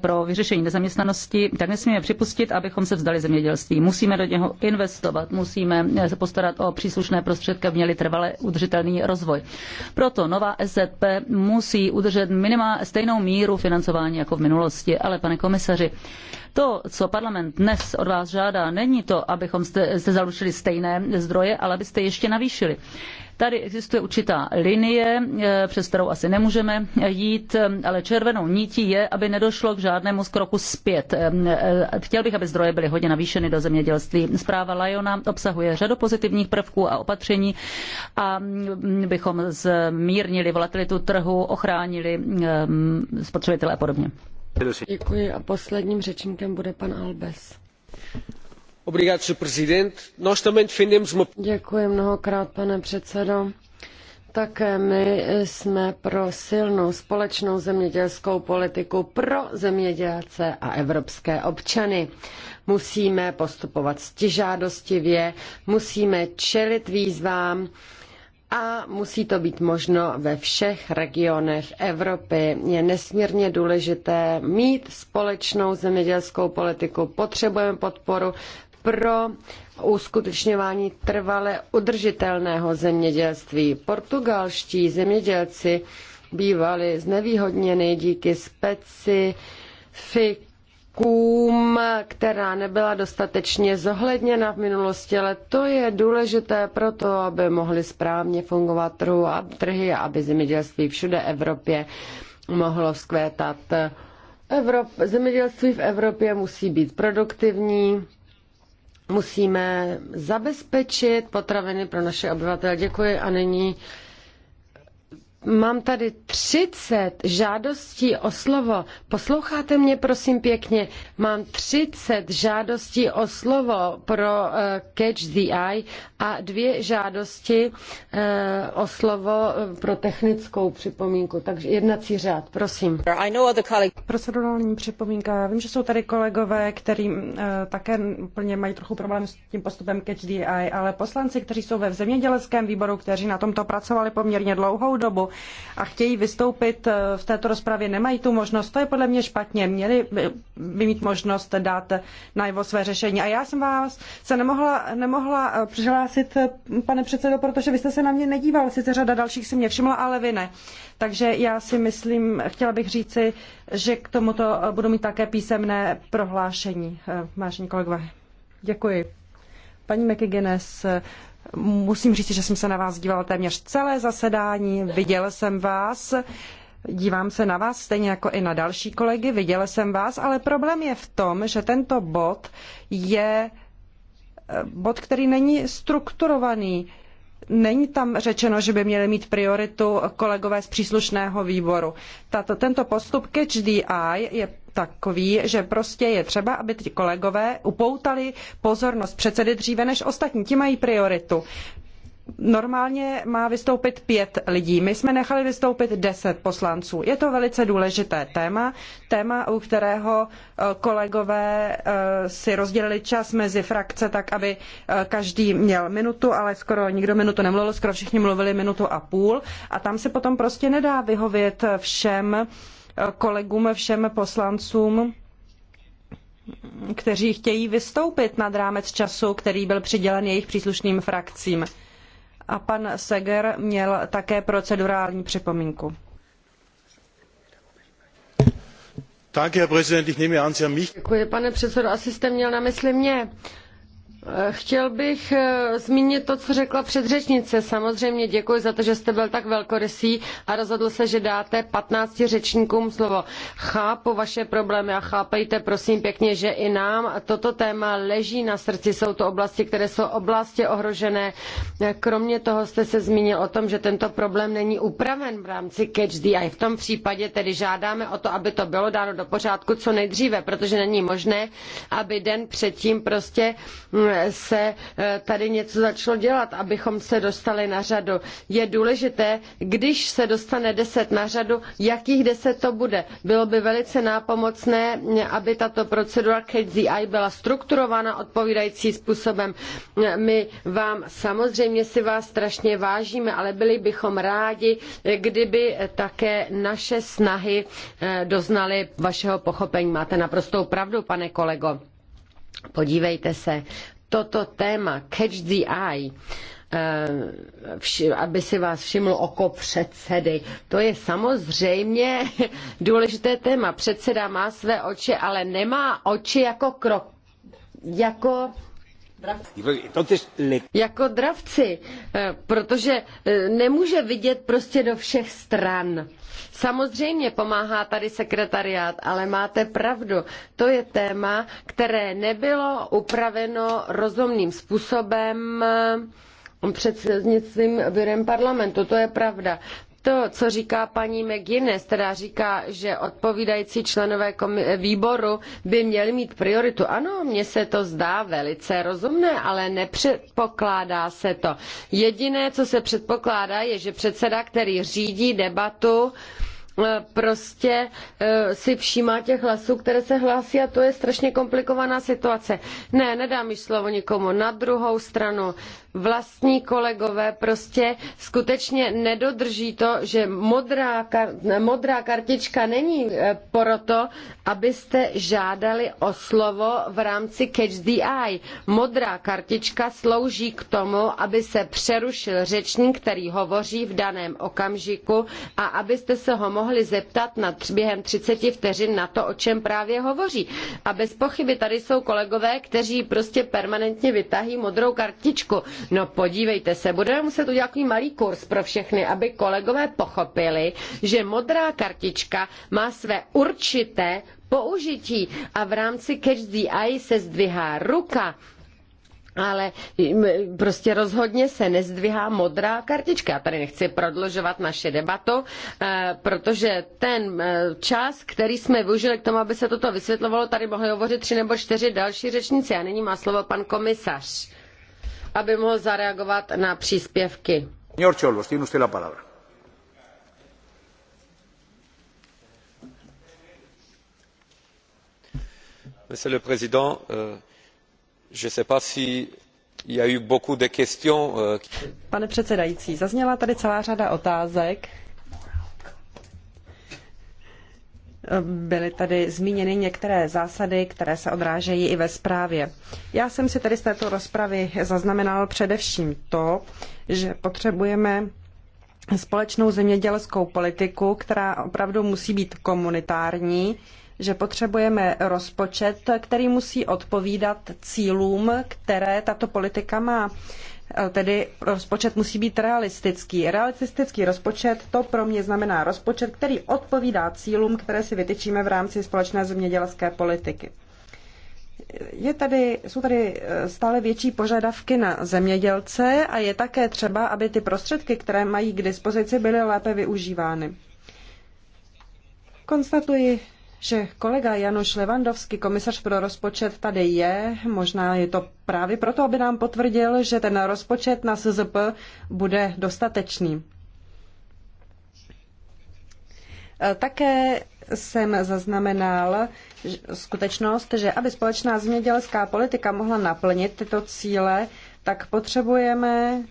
pro vyřešení nezaměstnanosti, tak nesmíme připustit, abychom se vzdali zemědělství. Musíme do něho investovat, musíme se postarat o příslušné prostředky, měli trvale udržitelný rozvoj. Proto nová SZP musí udržet minimál, stejnou míru financování jako v minulosti. Ale pane komisaři, to, co parlament dnes od vás žádá, není to, abychom se zalučili stejné zdroje, ale abyste ještě navýšili. Tady existuje určitá linie, eh, přes kterou asi nemůžeme eh, jít, eh, ale červenou nítí je, aby nedošlo k žádnému z kroku zpět. Chtěl bych, aby zdroje byly hodně navýšeny do zemědělství. Zpráva Lajona obsahuje řadu pozitivních prvků a opatření a mm, bychom zmírnili volatilitu trhu, ochránili mm, spotřebitele a podobně. Děkuji a posledním řečníkem bude pan Albes. Děkuji pane předsedající Také my jsme pro silnou společnou zemědělskou politiku pro zemědělce a evropské občany. Musíme postupovat stižádostivě, musíme čelit výzvám, a musí to být možno ve všech regionech Evropy. Je nesmírně důležité mít společnou zemědělskou politiku. Potřebujeme podporu pro uskutečňování trvale udržitelného zemědělství. Portugalští zemědělci bývali znevýhodněni díky specifikům, která nebyla dostatečně zohledněna v minulosti, ale to je důležité pro to, aby mohly správně fungovat trhu a trhy a aby zemědělství všude Evropě mohlo vzkvétat. Evrop, zemědělství v Evropě musí být produktivní musíme zabezpečit potraviny pro naše obyvatele. Děkuji a nyní Mám tady 30 žádostí o slovo. Posloucháte mě, prosím, pěkně. Mám 30 žádostí o slovo pro uh, Catch the Eye a dvě žádosti uh, o slovo eh, pro technickou připomínku. Takže jednací řád, prosím. Procedurální připomínka. Já vím, že jsou tady kolegové, kteří uh, také úplně mají trochu problém s tím postupem Catch the Eye, ale poslanci, kteří jsou ve zemědělském výboru, kteří na tomto pracovali poměrně dlouhou dobu, a chtějí vystoupit eh, v této rozpravě, nemají tu možnost. To je podle mě špatně. Měli by mít možnost dát najevo své řešení. A já jsem vás se nemohla, nemohla eh, přihlásit, eh, pane předsedo, protože vy jste se na mě nedíval. Sice řada dalších si mě všimla, ale vy ne. Takže já si myslím, chtěla bych říci, že k tomuto budu mít také písemné prohlášení. Vážení kolegové, děkuji. Paní McGuinness, Musím říct, že jsem se na vás dívala téměř celé zasedání, viděl jsem vás, dívám se na vás stejně jako i na další kolegy, viděl jsem vás, ale problém je v tom, že tento bod je eh, bod, který není strukturovaný. Není tam řečeno, že by měli mít prioritu kolegové z příslušného výboru. Tato, tento postup catch the eye je takový, že prostě je třeba, aby ti kolegové upoutali pozornost předsedy dříve než ostatní. Ti mají prioritu. Normálně má vystoupit pět lidí. My jsme nechali vystoupit deset poslanců. Je to velice důležité téma, téma, u kterého eh, kolegové eh, si rozdělili čas mezi frakce tak, aby eh, každý měl minutu, ale skoro nikdo minutu nemluvil, skoro všichni mluvili minutu a půl. A tam se potom prostě nedá vyhovět všem kolegům, všem poslancům, kteří chtějí vystoupit nad rámec času, který byl přidělen jejich příslušným frakcím. A pan Seger měl také procedurální připomínku. Děkuji, pane předsedo, asi jste měl na mysli mě. Chtěl bych eh, zmínit to, co řekla předřečnice. Samozřejmě děkuji za to, že jste byl tak velkorysý a rozhodl se, že dáte 15 řečníkům slovo. Chápu vaše problémy a chápejte, prosím pěkně, že i nám toto téma leží na srdci. Jsou to oblasti, které jsou oblasti ohrožené. Kromě toho jste se zmínil o tom, že tento problém není upraven v rámci Catch the Eye. V tom případě tedy žádáme o to, aby to bylo dáno do pořádku co nejdříve, protože není možné, aby den předtím prostě hm, se eh, tady něco začalo dělat, abychom se dostali na řadu. Je důležité, když se dostane deset na řadu, jakých deset to bude. Bylo by velice nápomocné, eh, aby tato procedura KZI byla strukturována odpovídající způsobem. Eh, my vám samozřejmě si vás strašně vážíme, ale byli bychom rádi, kdyby také naše snahy doznaly vašeho pochopení. Máte naprostou pravdu, pane kolego. Podívejte se, toto téma Catch the Eye eh, aby si vás všiml oko předsedy. To je samozřejmě důležité téma. Předseda má své oči, ale nemá oči jako krok, jako jako dravci, eh, protože eh, nemůže vidět prostě do všech stran. Samozřejmě pomáhá tady sekretariát, ale máte pravdu. To je téma, které nebylo upraveno rozumným způsobem eh, předsednictvím byrem parlamentu, to je pravda to, co říká paní McGuinness, která říká, že odpovídající členové výboru by měli mít prioritu. Ano, mně se to zdá velice rozumné, ale nepředpokládá se to. Jediné, co se předpokládá, je, že předseda, který řídí debatu, eh, prostě eh, si všímá těch hlasů, které se hlásí a to je strašně komplikovaná situace. Ne, nedám již slovo nikomu. Na druhou stranu vlastní kolegové prostě skutečně nedodrží to, že modrá, kar, modrá kartička není e, proto, abyste žádali o slovo v rámci Catch the Eye. Modrá kartička slouží k tomu, aby se přerušil řečník, který hovoří v daném okamžiku a abyste se ho mohli zeptat na během 30 vteřin na to, o čem právě hovoří. A bez pochyby tady jsou kolegové, kteří prostě permanentně vytahují modrou kartičku. No podívejte se, budeme muset udělat takový malý kurz pro všechny, aby kolegové pochopili, že modrá kartička má své určité použití a v rámci Catch the Eye se zdvihá ruka ale mm, prostě rozhodně se nezdvihá modrá kartička. Já tady nechci prodlužovat naše debatu, eh, protože ten eh, čas, který jsme využili k tomu, aby se toto vysvětlovalo, tady mohli hovořit tři nebo čtyři další řečníci a nyní má slovo pan komisař aby mohl zareagovat na příspěvky. Monsieur le Président, euh, je ne sais pas si il y a eu beaucoup de questions. Euh, Pane předsedající, zazněla tady celá řada otázek, Byly tady zmíněny některé zásady, které se odrážejí i ve zprávě. Já jsem si tady z této rozpravy zaznamenal především to, že potřebujeme společnou zemědělskou politiku, která opravdu musí být komunitární, že potřebujeme rozpočet, který musí odpovídat cílům, které tato politika má. Eh, tedy rozpočet musí být realistický. Realistický rozpočet to pro mě znamená rozpočet, který odpovídá cílům, které si vytyčíme v rámci společné zemědělské politiky. Je tady, jsou tady eh, stále větší požadavky na zemědělce a je také třeba, aby ty prostředky, které mají k dispozici, byly lépe využívány. Konstatuji, že kolega Janoš Levandovský, komisař pro rozpočet, tady je. Možná je to právě proto, aby nám potvrdil, že ten rozpočet na SZP bude dostatečný. E, také jsem zaznamenal skutečnost, že aby společná zemědělská politika mohla naplnit tyto cíle, tak potřebujeme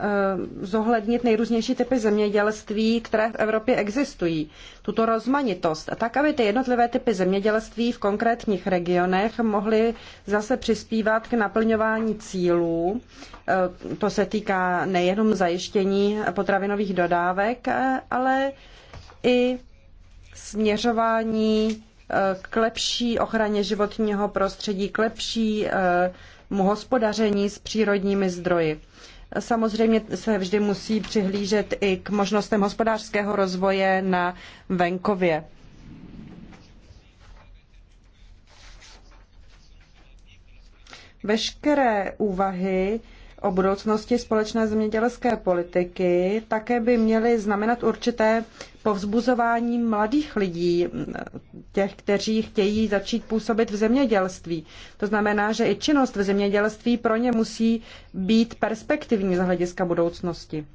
Eh, zohlednit nejrůznější typy zemědělství, které v Evropě existují. Tuto rozmanitost, tak aby ty jednotlivé typy zemědělství v konkrétních regionech mohly zase přispívat k naplňování cílů. Eh, to se týká nejenom zajištění potravinových dodávek, eh, ale i směřování k lepší ochraně životního prostředí, k lepší hospodaření s přírodními zdroji. Samozřejmě se vždy musí přihlížet i k možnostem hospodářského rozvoje na venkově. Veškeré úvahy o budoucnosti společné zemědělské politiky také by měly znamenat určité povzbuzování mladých lidí, těch, kteří chtějí začít působit v zemědělství. To znamená, že i činnost v zemědělství pro ně musí být perspektivní z hlediska budoucnosti.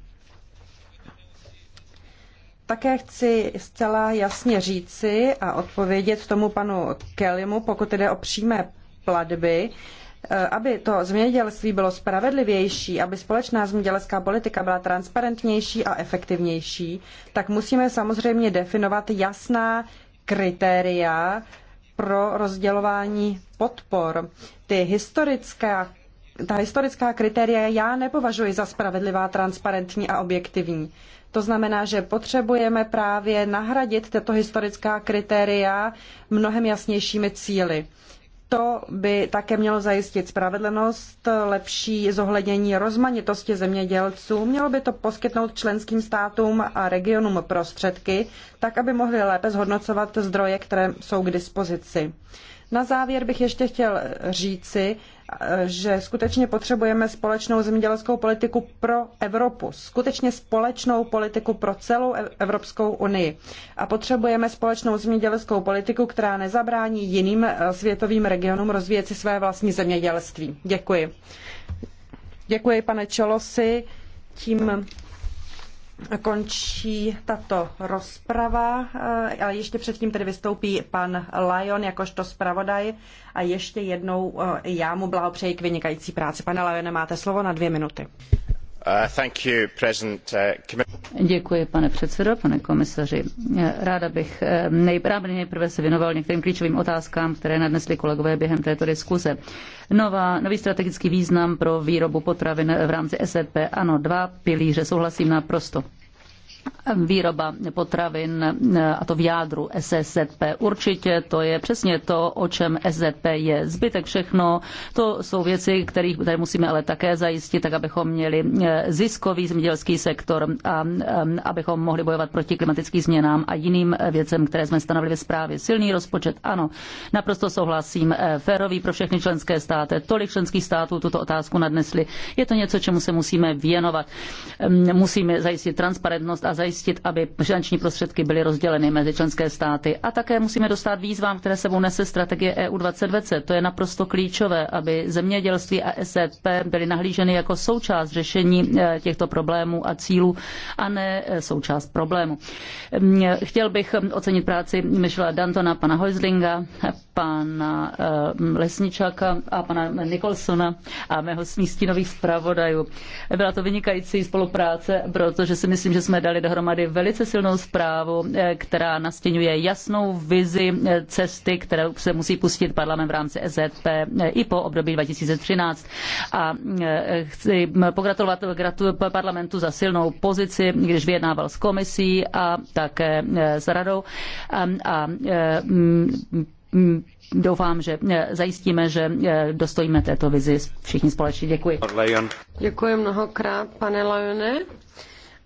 Také chci zcela jasně říci a odpovědět tomu panu Kellymu, pokud jde o přímé platby, Eh, aby to zemědělství bylo spravedlivější, aby společná zemědělská politika byla transparentnější a efektivnější, tak musíme samozřejmě definovat jasná kritéria pro rozdělování podpor. Ty historická, ta historická kritéria já nepovažuji za spravedlivá, transparentní a objektivní. To znamená, že potřebujeme právě nahradit tato historická kritéria mnohem jasnějšími cíly. To by také mělo zajistit spravedlnost, lepší zohlednění rozmanitosti zemědělců. Mělo by to poskytnout členským státům a regionům prostředky, tak aby mohli lépe zhodnocovat zdroje, které jsou k dispozici. Na závěr bych ještě chtěl říci, že skutečně potřebujeme společnou zemědělskou politiku pro Evropu, skutečně společnou politiku pro celou e- Evropskou unii. A potřebujeme společnou zemědělskou politiku, která nezabrání jiným eh, světovým regionům rozvíjet si své vlastní zemědělství. Děkuji. Děkuji, pane Čolosi. Tím končí tato rozprava, eh, ale ještě předtím tedy vystoupí pan Lion jakožto zpravodaj a ještě jednou eh, já mu blahopřeji k vynikající práci. Pane Lione, máte slovo na dvě minuty. Uh, uh, Děkuji, pane předsedající. pane komisaři. Ráda bych eh, nejprve, nejprve se věnoval některým klíčovým otázkám, které nadnesli kolegové během této diskuse. nový strategický význam pro výrobu potravin v rámci SEP. Ano, dva pilíře, souhlasím naprosto výroba potravin, a to v jádru SSP. Určitě to je přesně to, o čem SZP je. Zbytek všechno, to jsou věci, kterých tady musíme ale také zajistit, tak abychom měli e, ziskový zemědělský sektor a e, abychom mohli bojovat proti klimatickým změnám a jiným e, věcem, které jsme stanovili ve zprávě. Silný rozpočet, ano, naprosto souhlasím. Férový pro všechny členské státy. Tolik členských států tuto otázku nadnesli. Je to něco, čemu se musíme věnovat. Musíme zajistit transparentnost a zajistit, aby finanční prostředky byly rozděleny mezi členské státy. A také musíme dostat výzvám, které sebou nese strategie EU 2020. To je naprosto klíčové, aby zemědělství a SFP byly nahlíženy jako součást řešení eh, těchto problémů a cílů a ne eh, součást problému. Hm, chtěl bych hm, ocenit práci Michela Dantona, pana Heuslinga, pana eh, Lesničaka a pana Nicholsona a mého smístinových zpravodajů. Byla to vynikající spolupráce, protože si myslím, že jsme dali dohromady velice silnou zprávu, eh, která nastěňuje jasnou vizi eh, cesty, kterou se musí pustit parlament v rámci EZP eh, i po období 2013. A chci pogratulovat parlamentu za silnou pozici, když vyjednával s komisí a také s radou. Ehm, a, a doufám, že zajistíme, že dostojíme této vizi všichni společně. Děkuji. Děkuji mnohokrát, pane Lajone.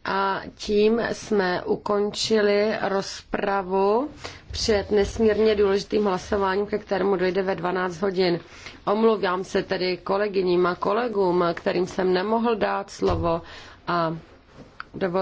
A tím jsme ukončili rozpravu před nesmírně důležitým hlasováním, ke kterému dojde ve 12 hodin. Omluvám se tedy kolegyním a kolegům, kterým jsem nemohl dát slovo a dovolte